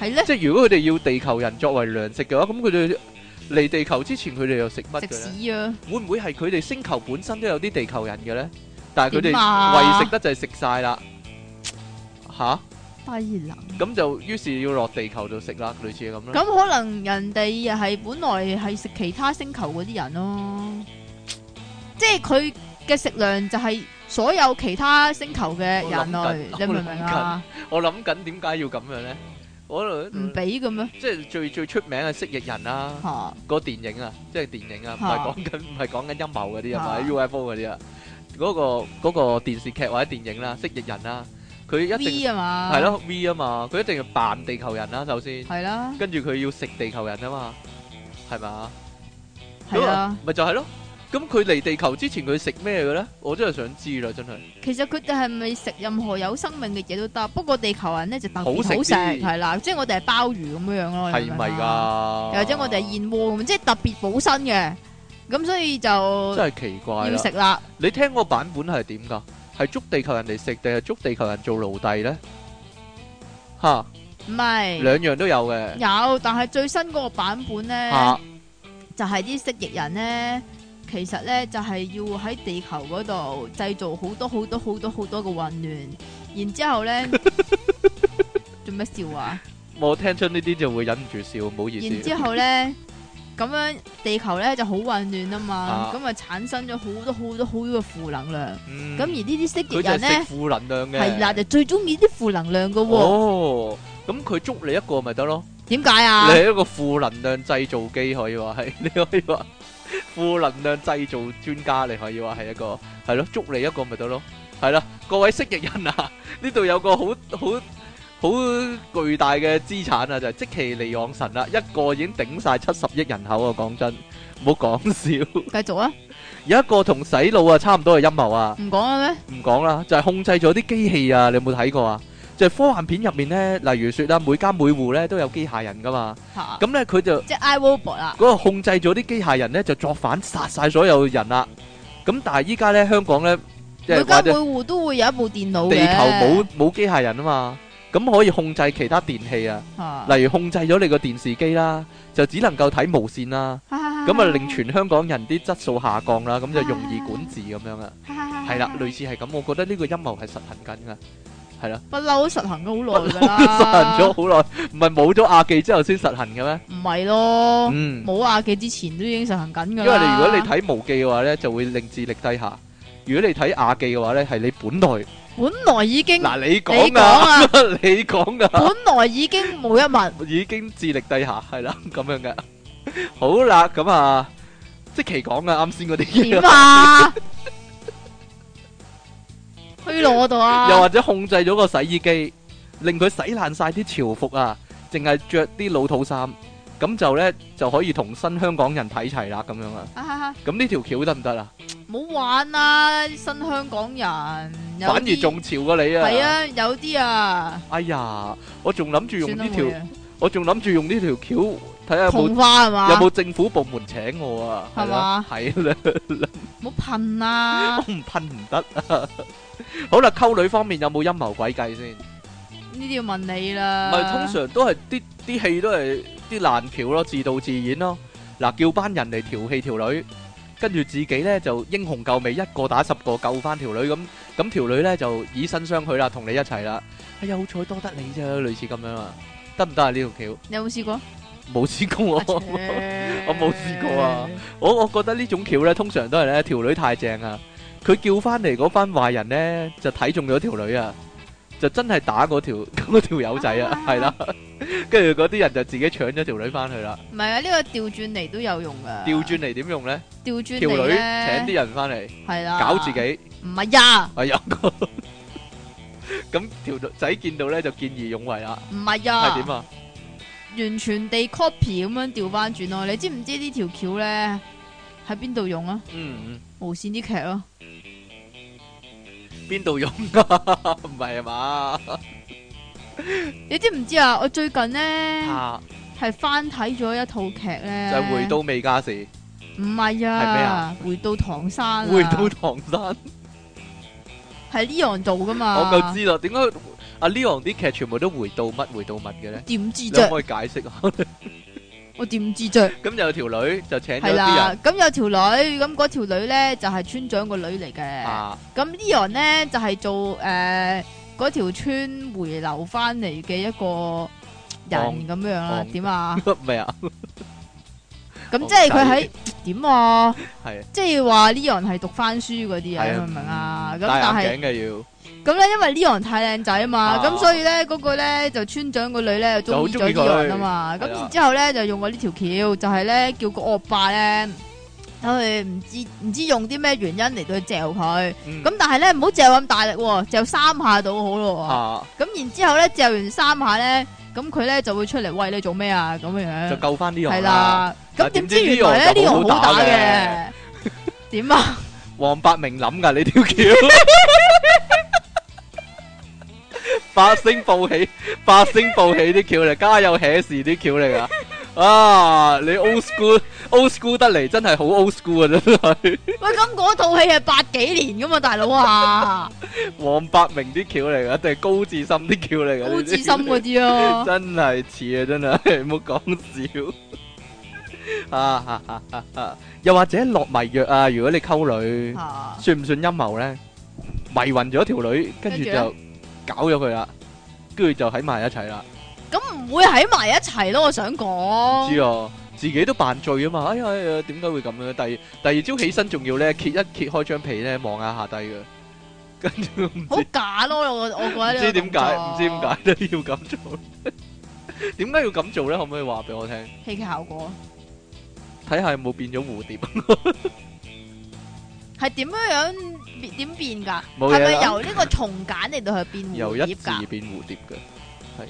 係咧，即係如果佢哋要地球人作為糧食嘅話，咁佢哋嚟地球之前，佢哋又食乜？食屎啊！會唔會係佢哋星球本身都有啲地球人嘅咧？但係佢哋餵食得就係食晒啦，吓！當然啦。咁就於是要落地球度食啦，類似咁啦。咁可能人哋又係本來係食其他星球嗰啲人咯，即係佢嘅食量就係所有其他星球嘅人咯。你明唔明啊？我諗緊點解要咁樣咧？我度唔俾咁樣？即係最最出名嘅蜥蜴人啦，啊、哈 個電影啊，即係電影啊，唔係講緊唔係講緊陰謀嗰啲啊，UFO 嗰啲啊，嗰、那個嗰、那個電視劇或者電影啦、啊，蜥蜴人啦、啊，佢一定係咯 V 啊嘛，嘛，佢一定要扮地球人啦、啊，首先，係是啦，跟住佢要食地球人啊嘛，係咪？係是啊，咪就係咯。咁佢嚟地球之前佢食咩嘅咧？我真係想知啦，真係。其實佢哋就係咪食任何有生命嘅嘢都得？不過地球人咧就特別好食，係啦，即係我哋係鮑魚咁樣樣咯。係咪噶？又或者我哋係燕窩咁，即係特別補身嘅。咁所以就真係奇怪要食啦。你聽個版本係點噶？係捉地球人嚟食，定係捉地球人做奴隸咧？吓，唔係兩樣都有嘅。有，但係最新嗰個版本咧，就係啲蜥蜴人咧。其實咧就係、是、要喺地球嗰度製造好多好多好多好多嘅混亂，然之後咧做咩笑啊？ 我聽出呢啲就會忍唔住笑，唔好意思然。然之後咧咁樣地球咧就好混亂啊嘛，咁啊產生咗好多好多好多嘅負能量。咁、嗯、而蜥蜥呢啲蜥蜴人咧，負能量嘅係啦，就最中意啲負能量嘅。哦，咁佢捉你一個咪得咯？點解啊？你係一個負能量製造機可以話係，你可以話。 負能量製造專家，你可以話係一個係咯，捉你一個咪得咯，係啦，各位蜥蜴人啊，呢度有個好好好巨大嘅資產啊，就係積淇離岸神啦，一個已經頂曬七十億人口啊，講真，唔好講笑。繼續啊，有一個同洗腦啊差唔多嘅陰謀啊，唔講啦咩？唔講啦，就係控制咗啲機器啊，你有冇睇過啊？就係科幻片入面呢，例如說啦，每家每戶呢都有機械人噶嘛，咁呢佢就即係 I Robot 啊，嗰個控制咗啲機械人呢就作反殺晒所有人啦。咁但係依家呢香港呢，每家每戶都會有一部電腦嘅。地球冇冇機械人啊嘛，咁可以控制其他電器啊，例如控制咗你個電視機啦，就只能夠睇無線啦。咁啊令全香港人啲質素下降啦，咁就容易管治咁樣啊。係啦，類似係咁，我覺得呢個陰謀係實行緊噶。係啦，不嬲實行咗好耐噶啦，實行咗好耐，唔係冇咗亞記之後先實行嘅咩？唔係咯，冇亞記之前都已經實行緊噶。因為你如果你睇無記嘅話咧，就會令智力低下；如果你睇亞記嘅話咧，係你本來本來已經嗱，你講啊，你講噶、啊， 你啊、本來已經冇一文，已經智力低下，係啦咁樣嘅。好啦，咁啊，即期講啊，啱先嗰啲啊。 去攞度啊！ 又或者控制咗個洗衣機，令佢洗爛晒啲潮服啊，淨係着啲老土衫，咁就咧就可以同新香港人睇齊啦，咁樣啊！咁呢條橋得唔得啊？唔好、啊、玩啊，新香港人！反而仲潮過你啊！係啊，有啲啊！哎呀，我仲諗住用呢條算得 條，我仲諗住用呢條橋睇下有冇政府部門請我啊？係嘛吧？係啦，冇噴啊！ 我唔噴唔得啊！好啦，溝女方面有冇陰謀詭計先？呢啲要問你啦。唔係，通常都係啲啲戲都係啲爛橋咯，自導自演咯。嗱，叫班人嚟調戲條女，跟住自己咧就英雄救美，一個打十個救翻條女咁。咁條女咧就以身相許啦，同你一齊啦。哎呀，好彩多得你啫，類似咁樣啊。得唔得啊？呢條橋？你有冇試過？冇試過我，我冇試過啊。我我覺得呢種橋咧，通常都係咧條女太正啊。佢叫翻嚟嗰班壞人咧，就睇中咗條女啊，就真係打嗰條嗰條友仔啊，係啦，跟住嗰啲人就自己搶咗條女翻去啦。唔係啊，呢個調轉嚟都有用噶。調轉嚟點用咧？調轉條女請啲人翻嚟，係啦，搞自己。唔係呀。係呀。咁條仔見到咧就見義勇為啦。唔係呀。係點啊？完全地 copy 咁樣調翻轉咯。你知唔知呢條橋咧？喺邊度用啊？嗯，無線啲劇咯。邊度用啊？唔係啊嘛？ 你知唔知啊？我最近咧係、啊、翻睇咗一套劇咧，就係回到未嫁時。唔係啊？係咩啊？回到唐山、啊。 回到唐山 。係 Leon 度噶嘛？ 我就知啦。點解、啊、Leon 啲劇全部都回到乜？回到乜嘅咧？點知啫？可唔可以解釋啊？ 我點知啫、 嗯？咁有條女就請咗啲人。係啦，咁有條女，咁嗰條女咧就係村長個女嚟嘅。咁呢樣咧就係做誒嗰條村回流翻嚟嘅一個人咁樣啦。點啊？唔係啊？咁即係佢喺點啊？係、嗯，即係話呢樣係讀翻書嗰啲人，明唔明啊？咁但係。咁咧，因為呢行太靚仔啊嘛，咁所以咧，嗰個咧就村長個女咧就中意咗呢行啊嘛，咁然之後咧就用過呢條橋，就係咧叫個惡霸咧，誒唔知唔知用啲咩原因嚟到掟佢，咁但係咧唔好掟咁大力，掟三下到好咯，咁然之後咧掟完三下咧，咁佢咧就會出嚟，喂，你做咩啊咁樣樣，就救翻呢行係啦。咁點知原來呢樣咧，呢行好打嘅。點啊？黃百鳴諗噶你條橋。八星報喜，八星報喜啲橋嚟，家有喜事啲橋嚟啊！啊，你 old school，old school 得嚟真係好 old school 啊真係。喂，咁嗰套戲係八幾年噶嘛，大佬啊！黃百鳴啲橋嚟啊，定係高志森啲橋嚟啊？高志森嗰啲咯。真係似啊，真係冇講笑。啊啊啊啊啊！又或者落迷藥啊，如果你溝女，算唔算陰謀咧？迷暈咗條女，跟住就。搞咗佢啦，跟住就喺埋一齊啦。咁唔會喺埋一齊咯？我想講。唔知啊，自己都扮醉啊嘛。哎呀，點解會咁樣？第第二朝起身仲要咧揭一揭開張被咧望下下低嘅。跟住唔知。好假咯！我我覺得。唔知點解，唔知點解都要咁做。點解要咁做咧？可唔可以話俾我聽？戲劇效果。睇下有冇變咗蝴蝶。係點樣樣？點變噶？係咪由呢個蟲繭嚟到去變蝴蝶噶？由一字變蝴蝶嘅，係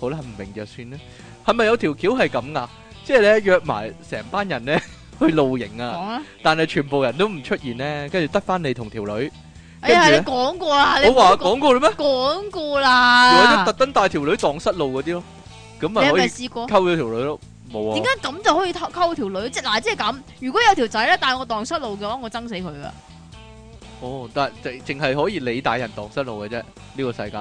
好啦，唔明就算啦。係咪有條橋係咁噶？即係你約埋成班人咧去露營啊！講啦，但係全部人都唔出現咧，跟住得翻你同條女，跟住咧。哎呀，你講過啦！我話講過啦咩？講過啦。如果特登帶條女蕩失路嗰啲咯，咁咪試過溝咗條女咯？冇啊！點解咁就可以溝溝條女？即係嗱，即係咁。如果有條仔咧帶我蕩失路嘅話，我憎死佢噶。哦，但係淨淨係可以你帶人蕩失路嘅啫？呢個世界，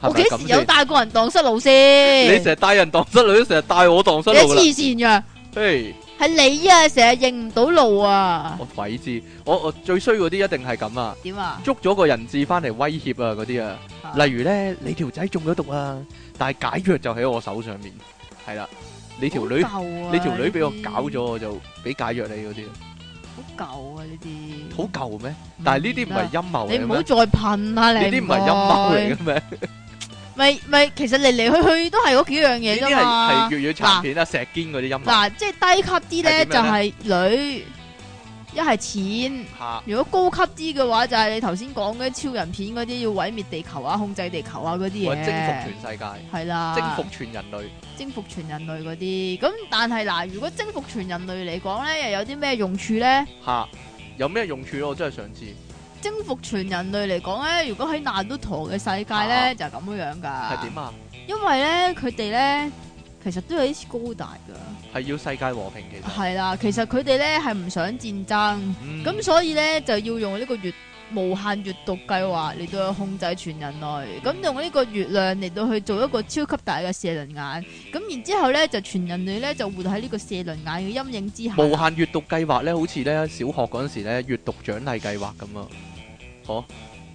我幾時有帶過人蕩失路先？你成日帶人蕩失路，都成日帶我蕩失路啦！你黐線呀！嘿，係你啊，成日認唔到路啊！我鬼知，我我最衰嗰啲一定係咁啊！點啊？捉咗個人質翻嚟，威脅啊嗰啲啊，例如咧你條仔中咗毒啊，但係解藥就喺我手上面，係啦，你條女你條女俾我搞咗，我就俾解藥你嗰啲。好舊啊呢啲，好舊咩？但係呢啲唔係陰謀，你唔好再噴啦！你呢啲唔係陰謀嚟嘅咩？咪咪，其實嚟嚟去去都係嗰幾樣嘢噶嘛，係粵語唱片啊，石堅嗰啲音樂，嗱，即係低級啲咧就係女。一係錢，啊、如果高級啲嘅話，就係、是、你頭先講嗰啲超人片嗰啲，要毀滅地球啊，控制地球啊嗰啲嘢。征服全世界係啦，的征服全人類，征服全人類嗰啲。咁但係嗱，如果征服全人類嚟講咧，又有啲咩用處咧？吓、啊，有咩用處我真係想知。征服全人類嚟講咧，如果喺難都陀嘅世界咧，就係咁樣樣噶。係點啊？因為咧，佢哋咧。其實都有啲似高達噶，係要世界和平。嘅。係 啦，其實佢哋咧係唔想戰爭，咁、嗯、所以咧就要用呢個月無限閱讀計劃嚟到控制全人類，咁用呢個月亮嚟到去做一個超級大嘅射輪眼，咁然之後咧就全人類咧就活喺呢個射輪眼嘅陰影之下。無限閱讀計劃咧，好似咧小學嗰陣時咧閱讀獎勵計劃咁啊，哦，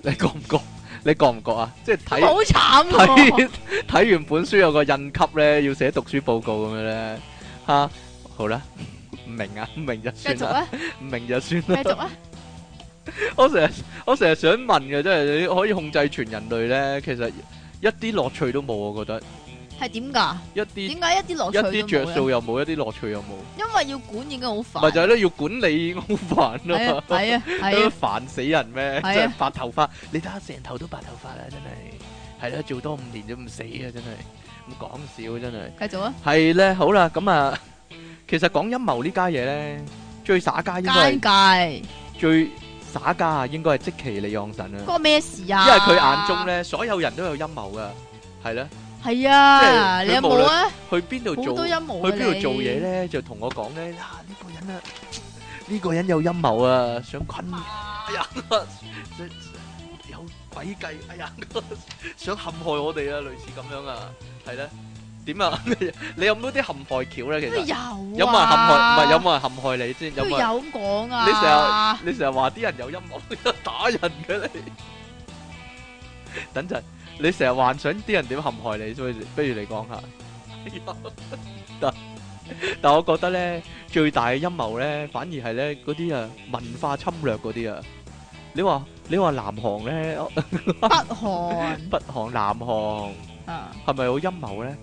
你講唔講？你覺唔覺啊？即係睇睇睇完本書有個印級咧，要寫讀書報告咁樣咧，吓，好啦，唔明啊，唔明就算啦，唔明就算啦，繼續啊。我成日我成日想問嘅，即係你可以控制全人類咧，其實一啲樂趣都冇，我覺得。係點噶？一啲點解一啲樂趣？一啲着數又冇，一啲樂趣又冇。因為要管已經好煩。咪就係咧，要管理好煩啊！係啊，都煩死人咩？白頭髮，你睇下成頭都白頭髮啦，真係係啦，做多五年都唔死啊，真係唔講笑真係。繼續啊！係咧，好啦，咁啊，其實講陰謀呢家嘢咧，最耍家應該最耍家啊，應該係積淇離岸神啊。關咩事啊？因為佢眼中咧，所有人都有陰謀噶，係咧。係啊，你有冇啊？去邊度做？好多陰謀啊！你去邊度做嘢咧？就同我講咧，嗱，呢個人啊，呢個人有陰謀啊，想困人啊，有詭計，哎呀，想陷害我哋啊，類似咁樣啊，係咧，點啊？你有冇啲陷害橋咧？其實有啊，有冇人陷害？唔係有冇人陷害你先？有冇有講啊？你成日你成日話啲人有陰謀，打人嘅你，等陣。你成日幻想啲人點陷害你，所以不如你講下。得，但係我覺得咧，最大嘅陰謀咧，反而係咧，嗰啲啊文化侵略嗰啲啊。你話你話南韓咧，北韓，北韓南韓，係咪有陰謀咧？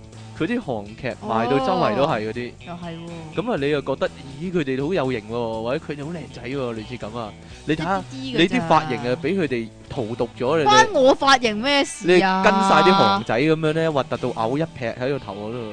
嗰啲韓劇賣到周圍都係嗰啲，又係咁啊，就是哦、你又覺得，咦，佢哋好有型喎，哦，或者佢哋好靚仔喎，類似咁啊。你睇下，你啲髮型啊，俾佢哋荼毒咗你哋。關我髮型咩事？啊、你跟晒啲韓仔咁樣咧，核突到嘔一劈喺個頭嗰度，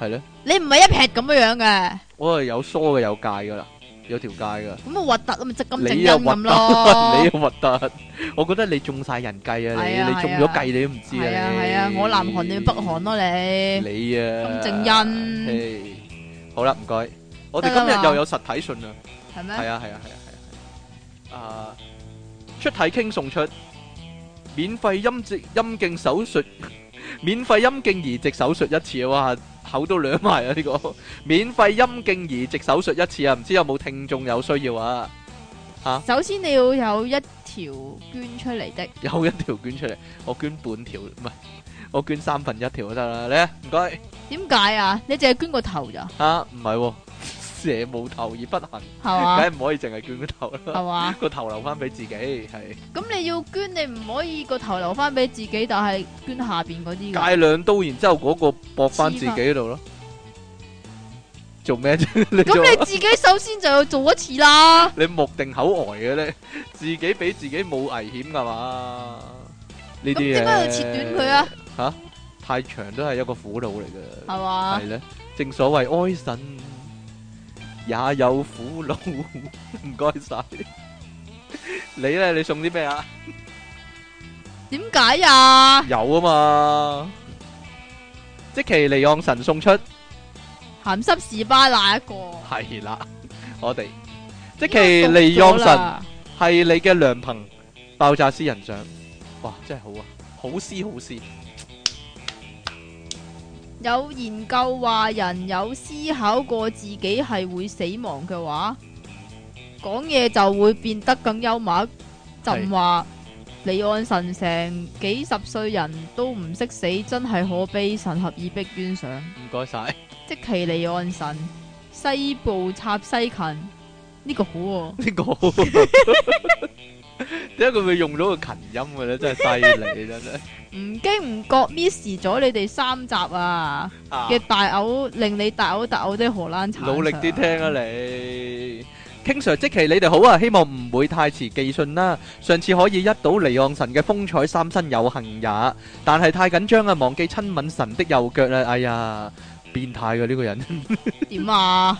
係咧。你唔係一劈咁嘅樣嘅，我係有梳嘅有戒噶啦。有條街噶，咁啊核突啊嘛，即金正恩咁咯，你又核突，我覺得你中晒人計啊，你你中咗計你都唔知啊，我南韓你北韓咯你，你啊，金正恩。好啦唔該，我哋今日又有實體信啊。係咩？係啊係啊係啊係啊，啊，出體 king 送出，免費陰莖陰莖手術，免費陰莖移植手術一次啊哇！口都兩埋啊！呢、這個 免費陰莖移植手術一次啊，唔知有冇聽眾有需要啊？吓、啊，首先你要有一條捐出嚟的，有一條捐出嚟，我捐半條，唔係我捐三分一條就得啦。你唔該，點解啊？你淨係捐個頭咋？吓、啊，唔係、啊。蛇無頭而不行，係嘛？梗係唔可以淨係捐個頭啦，係嘛？個頭留翻俾自己，係。咁你要捐，你唔可以個頭留翻俾自己，但係捐下邊嗰啲。戒兩刀，然之後嗰個搏翻自己度咯。做咩啫？咁你自己首先就要做一次啦。你目定口呆嘅咧，自己俾自己冇危險㗎嘛？呢啲嘢。咁點解要切斷佢啊？吓，太長都係一個苦惱嚟嘅，係嘛？係咧，正所謂哀神。也有苦勞，唔該晒你咧。 你送啲咩啊？點解呀？ 有啊嘛，積淇離岸神送出鹹濕士巴那一個係啦。是的 我哋積淇離岸神係你嘅良朋爆炸師人獎哇，真係好啊，好詩好詩。有研究話人有思考過自己係會死亡嘅話，講嘢就會變得更幽默。就話是。離岸神成幾十歲人都唔識死，真係可悲。神合意逼冤上，唔該晒。即係離岸神西部插西芹，呢、這個好喎，啊，呢個好、啊。 點解佢會用到個琴音嘅咧？真係犀利， 真係唔經唔覺 miss 咗你哋三集啊嘅、啊、大嘔，令你大嘔大嘔啲荷蘭茶、啊，努力啲聽啊你。King Sir 即期你哋好啊，希望唔會太遲寄信啦。上次可以一睹離岸神嘅風采，三生有幸也。但係太緊張啊，忘記親吻神的右腳啦。哎呀，變態嘅呢個人，點 啊？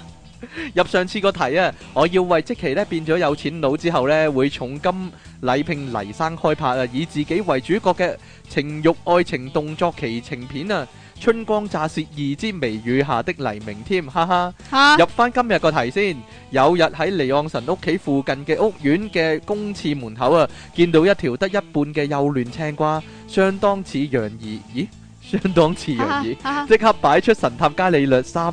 入上次個題啊！我要為即期咧變咗有錢佬之後呢，會重金禮聘黎生開拍啊，以自己為主角嘅情慾愛情動作奇情片啊，《春光乍泄》二之微雨下的黎明添，哈哈！啊、入翻今日個題先。有日喺尼昂神屋企附近嘅屋苑嘅公廁門口啊，見到一條得一半嘅幼嫩青瓜，相當似楊怡，咦？相當似楊怡，即、啊、刻擺出神探伽利略三。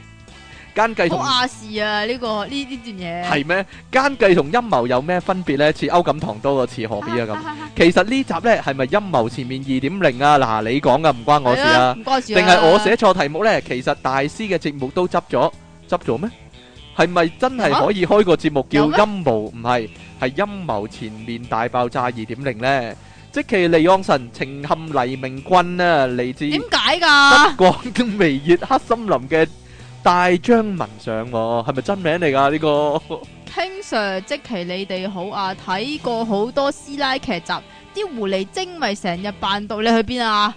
奸計同亞視啊，呢個呢，呢段嘢係咩？奸計同陰謀有咩分別咧？似歐錦棠多過似何必啊咁。其實呢集咧係咪陰謀前面二點零啊？嗱，你講噶唔關我事啊，唔關事，定係我寫錯題目咧？其實大師嘅節目都執咗，執咗咩？係咪真係可以開個節目叫陰謀？唔係，係陰謀前面大爆炸二點零咧？積淇離岸神，情陷黎明君啊，嚟自點解噶？德國嘅微熱黑森林嘅。大張文相、哦，係咪真名嚟噶呢個 King Sir，即其你哋好啊！睇過好多師奶劇集，啲狐狸精咪成日扮到你去邊啊？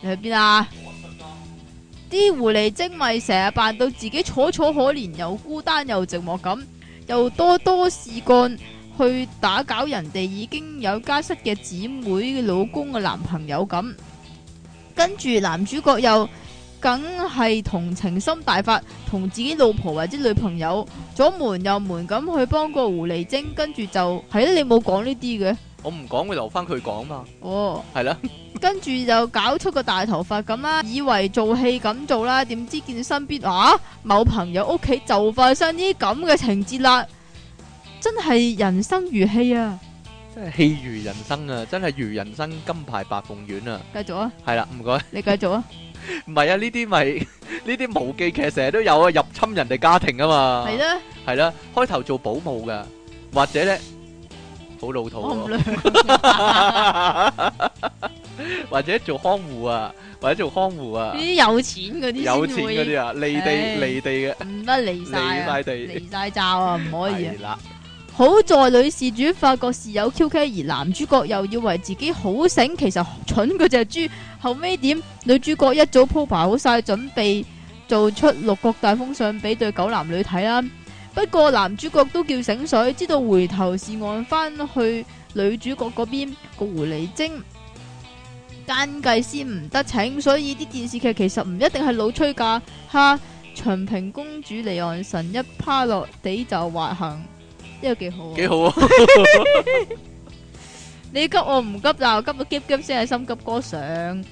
你去邊啊？啲狐狸精咪成日扮到自己楚楚可憐，又孤單又寂寞咁，又多多事幹去打攪人哋已經有家室嘅姊妹老公嘅男朋友咁，跟住男主角又。梗係同情心大發，同自己老婆或者女朋友左瞞右瞞咁去幫個狐狸精，跟住就係咧，你冇講呢啲嘅，我唔講會留翻佢講嘛。哦，係啦，跟住就搞出個大頭佛咁啦，以為做戲咁做啦，點知見住身邊啊，某朋友屋企就發生呢啲咁嘅情節啦，真係人生如戲啊，真係戲如人生啊，真係如人生金牌白鳳丸啊。繼續啊，係啦，唔該，你繼續啊。 唔係啊，呢啲咪呢啲無記劇成日都有啊，入侵人哋家庭啊嘛。係啦，係啦，開頭做保姆噶，或者咧好老土。或者做看護啊，或者做看護啊。呢啲有錢嗰啲。有錢嗰啲啊，離地離地嘅。唔得離晒。離晒地，離晒罩啊，唔可以啦。好在女事主發覺事有蹺蹊，而男主角又以為自己好醒，其實蠢嗰隻豬後尾點？女主角一早鋪排好晒，準備做出六國大封相俾對狗男女睇啦。不過男主角都叫醒水，知道回頭是岸，翻去女主角嗰邊個狐狸精奸計先唔得逞，所以啲電視劇其實唔一定係老吹架吓。長平公主離岸神一趴落地就滑行。呢個幾好啊！幾好啊！你急我唔急就，急到急急先係心急歌上。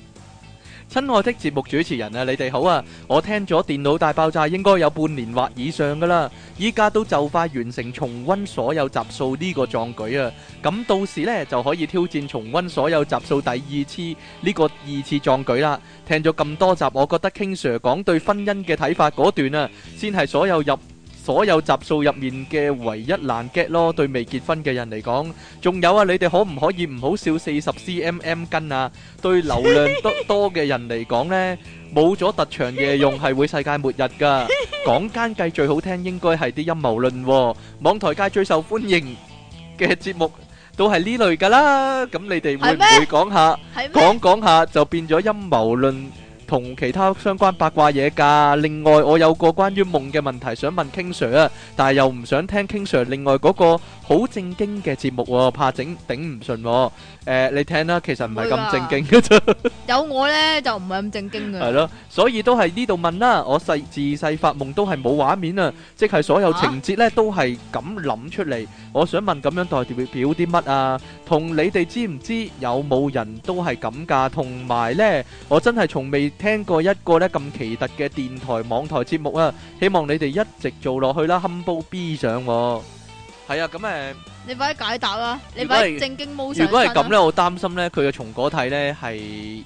親愛的節目主持人啊，你哋好啊！我聽咗《電腦大爆炸》應該有半年或以上噶啦，依家都就快完成重溫所有集數呢個壯舉啊！咁到時呢就可以挑戰重溫所有集數第二次呢個二次壯舉啦。聽咗咁多集，我覺得 King Sir 講對婚姻嘅睇法嗰段啊，先係所有入。所有集數入面嘅唯一難 get 咯，對未結婚嘅人嚟講，仲有啊，你哋可唔可以唔好笑四十 cmm 斤啊？對流量多 多嘅人嚟講呢，冇咗特長嘢用係會世界末日㗎。講奸計最好聽應該係啲陰謀論喎、哦。網台界最受歡迎嘅節目都係呢類㗎啦。咁你哋會唔會講下講講下就變咗陰謀論？同其他相關八卦嘢㗎。另外，我有個關於夢嘅問題想問 King Sir 啊，但係又唔想聽 King Sir，另外嗰個。好正經嘅節目喎，怕整頂唔順。誒，你聽啦，其實唔係咁正經嘅啫。有我呢就唔係咁正經嘅。係咯，所以都係呢度問啦。我細自細發夢都係冇畫面啊，即係所有情節呢都係咁諗出嚟。我想問咁樣代表表啲乜啊？同你哋知唔知有冇人都係咁噶？同埋呢，我真係從未聽過一個呢咁奇特嘅電台網台節目啊！希望你哋一直做落去啦，冚煲 B 上。係啊，咁、嗯、誒，你快啲解答啦！你快正經冇。如果係咁咧，我擔心咧，佢嘅松果體咧係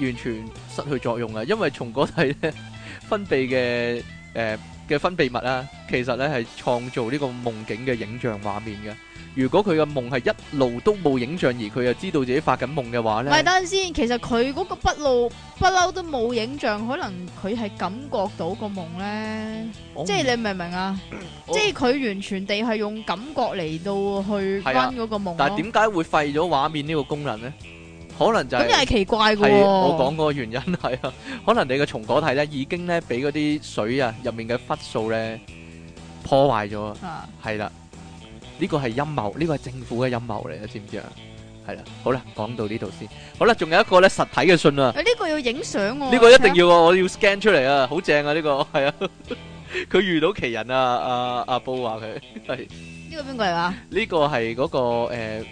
完全失去作用啊，因為松果體咧 分泌嘅誒。呃嘅分泌物啊，其實咧係創造呢個夢境嘅影像畫面嘅。如果佢個夢係一路都冇影像，而佢又知道自己發緊夢嘅話咧，咪等先。其實佢嗰個不嬲不嬲都冇影像，可能佢係感覺到個夢咧。即係你明唔明啊？ 即係佢完全地係用感覺嚟到去關嗰個夢，啊。但係點解會廢咗畫面呢個功能咧？可能就係咁又係奇怪嘅，係我講嗰個原因係啊，可能你嘅鬆果體咧已經咧俾嗰啲水啊入面嘅氟素咧破壞咗啊，係啦，呢個係陰謀，呢個係政府嘅陰謀嚟啦，知唔知啊？係啦，好啦，講到呢度先，好啦，仲有一個咧實體嘅信啊，呢個要影相，呢個一定要，我要 scan 出嚟啊，好正啊，呢個係啊，佢遇到奇人啊，阿阿布話佢係呢個邊個嚟啊？呢個係嗰個誒。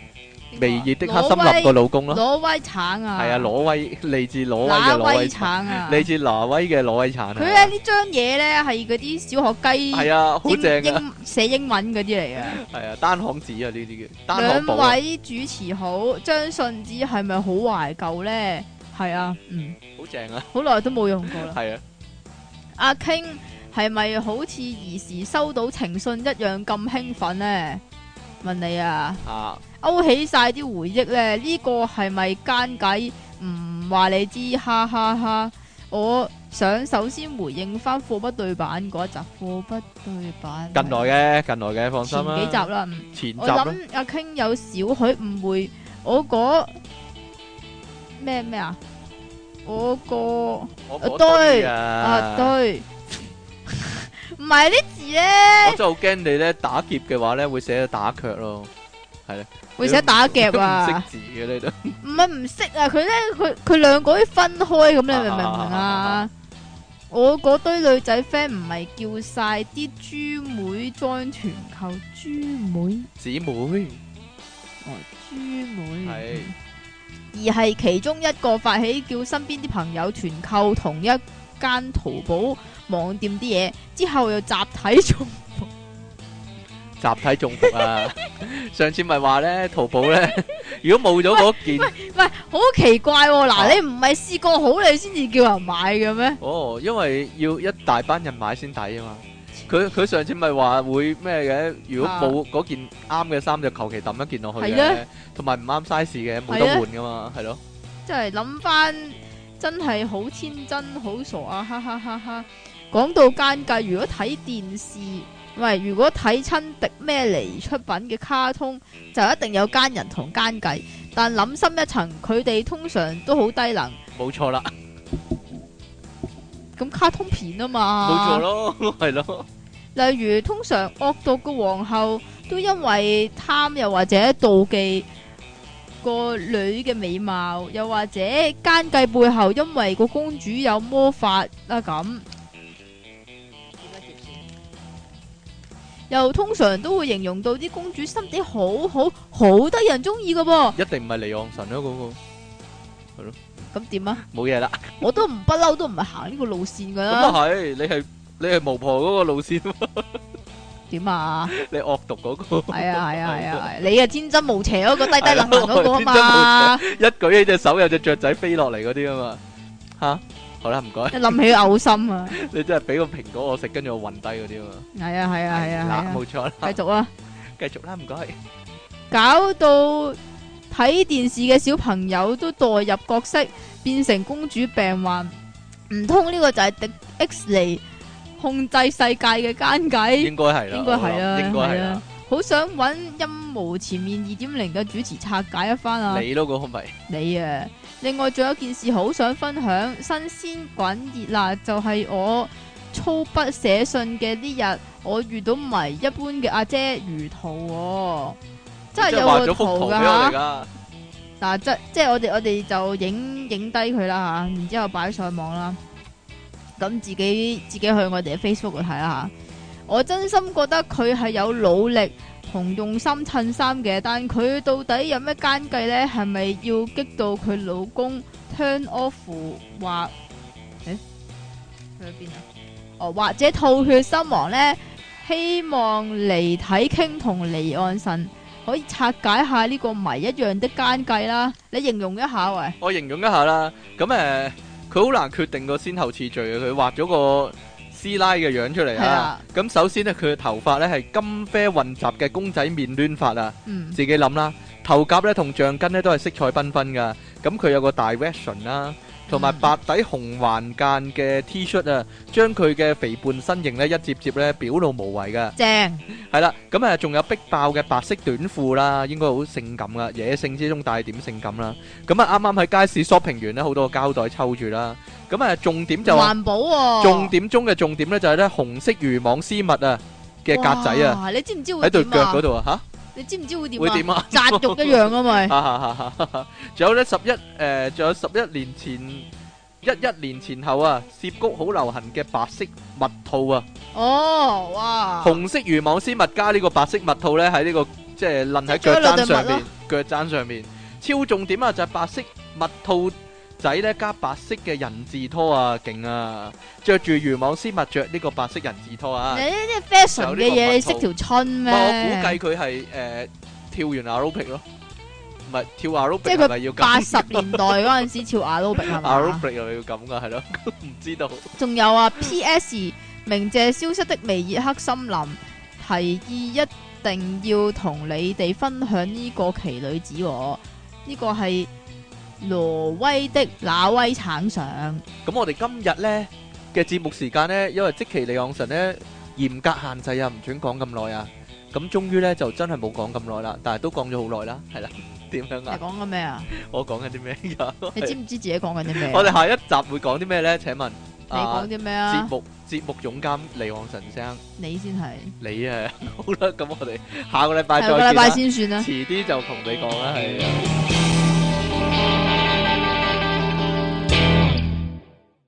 微熱的黑森林個老公咯，挪威，威橙啊，係啊，挪威嚟自挪威嘅挪威，威橙啊，嚟自挪威嘅挪威橙啊。佢喺呢張嘢咧，係嗰啲小學雞，係啊，好正啊，寫英，英文嗰啲嚟啊，係啊，單行紙啊，呢啲叫。兩位主持好，張信紙係咪好懷舊咧？係啊，嗯，好正啊，好耐都冇用過啦。係 啊，阿傾係咪好似兒時收到情信一樣咁興奮咧？問你啊，啊。勾起晒啲回憶咧，呢個係咪奸計？唔話你知，哈哈哈！我想首先回應翻貨不對板嗰一集，貨不對板。近來嘅，近來嘅，放心啦。前幾集啦，前我諗阿 King 有少許誤會，我嗰咩咩啊？我個對啊對，唔係啲字咧。我真係好驚你咧打劫嘅話咧會寫打卻咯。係啦，會寫打夾啊！唔識字嘅咧都，唔係唔識啊！佢咧佢佢兩個要分開咁，你明唔明啊？啊啊我嗰堆女仔 friend 唔係叫晒啲豬妹 join 團購，豬妹姊妹哦，豬妹係，是而係其中一個發起叫身邊啲朋友團購同一間淘寶網店啲嘢，之後又集體中毒，集體中毒啊！ 上次咪話咧，淘寶咧， 如果冇咗嗰件，唔係，好奇怪喎、哦！嗱、啊，你唔係試過好你先至叫人買嘅咩？哦，因為要一大班人買先睇啊嘛！佢佢上次咪話會咩嘅？如果冇嗰件啱嘅衫，就求其揼一件落去嘅，同埋唔啱 size 嘅冇得換噶嘛，係咯、啊。即係諗翻，真係好天真，好傻啊！哈哈哈哈！講到間隔，如果睇電視。喂，如果睇親迪咩尼出品嘅卡通，就一定有奸人同奸計。但諗深一層，佢哋通常都好低能。冇錯啦。咁卡通片啊嘛。冇錯咯，係咯。 例如，通常惡毒個皇后，都因為貪又或者妒忌個女嘅美貌，又或者奸計背後，因為個公主有魔法啦咁。啊又通常都會形容到啲公主心地好好，好得人中意嘅。一定唔係離岸神咯，嗰個係咯。咁點啊？冇嘢啦。我都唔不嬲，都唔係行呢個路綫噶啦。咁啊係，你係你係巫婆嗰個路綫。點 啊？ 你惡毒嗰、嗰個。係啊係啊係啊，哎、 你啊天真無邪嗰個低低落落嗰個啊嘛。 一舉起隻手，有隻雀仔飛落嚟嗰啲啊嘛。吓？ 好啦，唔該。一諗起嘔心啊！你真係俾個蘋果我食，跟住我暈低嗰啲啊！係啊，係啊，係啊，嗱，冇錯啦。繼續啊，繼續啦，唔該。搞到睇電視嘅小朋友都代入角色，變成公主病患。唔通呢個就係迪 X 尼控制世界嘅奸計？應該係啦，應該係啦，應該係啦。好想揾陰謀前面二點零嘅主持拆解一番啊！你咯，嗰好迷，你啊！另外仲有一件事好想分享，新鮮滾熱辣就係、是、我粗筆寫信嘅呢日，我遇到迷一般嘅阿姐如圖、哦，真係有個圖真幅圖嘅吓、啊。嗱、啊，即即係我哋我哋就影影低佢啦吓，然之後擺上網啦。咁自己自己去我哋嘅 Facebook 度睇下。我真心覺得佢係有努力同用心襯衫嘅，但佢到底有咩奸計呢？係咪要激到佢老公 turn off，或誒去咗邊啊？哦，或者吐血身亡呢？希望離體傾同離岸神可以拆解下呢個謎一樣的奸計啦！你形容一下喂，我形容一下啦。咁誒，佢好難決定個先後次序啊！佢畫咗個。師奶嘅樣出嚟啊！咁首先咧，佢嘅頭髮咧係金啡混雜嘅公仔麵攣髮啊！自己諗啦，頭甲咧同橡筋咧都係色彩繽紛噶。咁佢有個大 version 啦，同埋白底紅環間嘅 T 恤啊，將佢嘅肥胖身形咧一接接咧表露無遺噶。正係啦，咁啊仲有逼爆嘅白色短褲啦，應該好性感噶，野性之中帶點性感啦。咁啊啱啱喺街市 shopping 完咧，好多膠袋抽住啦。咁啊，重點就係環保喎，重點中嘅重點咧就係咧紅色魚網絲襪啊嘅格仔啊，你知唔知會點樣？喺對腳嗰度啊？嚇，你知唔知會點？會點啊？扎肉一樣啊嘛，哈哈哈！仲有咧十一誒，仲有十一年前一一年前後啊，涉谷好流行嘅白色襪套啊，哦哇！紅色魚網絲襪加呢個白色襪套咧，喺呢個即係攆喺腳踭上邊，腳踭上面。超重點啊！就係白色襪套。仔咧加白色嘅人字拖啊，勁啊！着住漁網絲襪，着呢個白色人字拖啊！欸、你呢啲 fashion 嘅嘢，你識條春咩？我估計佢係誒跳完 aerobic 咯，唔係跳 aerobic，即係佢咪要八十年代嗰陣時跳 aerobic 係嘛？aerobic 又要咁噶，係咯、 啊？唔 知道。仲有啊，PS，明姐 消失的微熱黑森林，提議一定要同你哋分享呢個奇女子，呢、呢個係。挪威的那威橙上？咁我哋今日咧嘅節目時間咧，因為即期李昂神咧嚴格限制啊，唔准講咁耐啊。咁終於咧就真係冇講咁耐啦，但係都講咗好耐啦，係啦。點樣啊？你講緊咩啊？我講緊啲咩噶？你知唔知自己講緊啲咩？我哋下一集會講啲咩咧？請問你講啲咩啊？節目節目總監李昂神生，你先係你啊。好啦，咁我哋下個禮拜再下個禮拜先算啦。遲啲就同你講啦，係。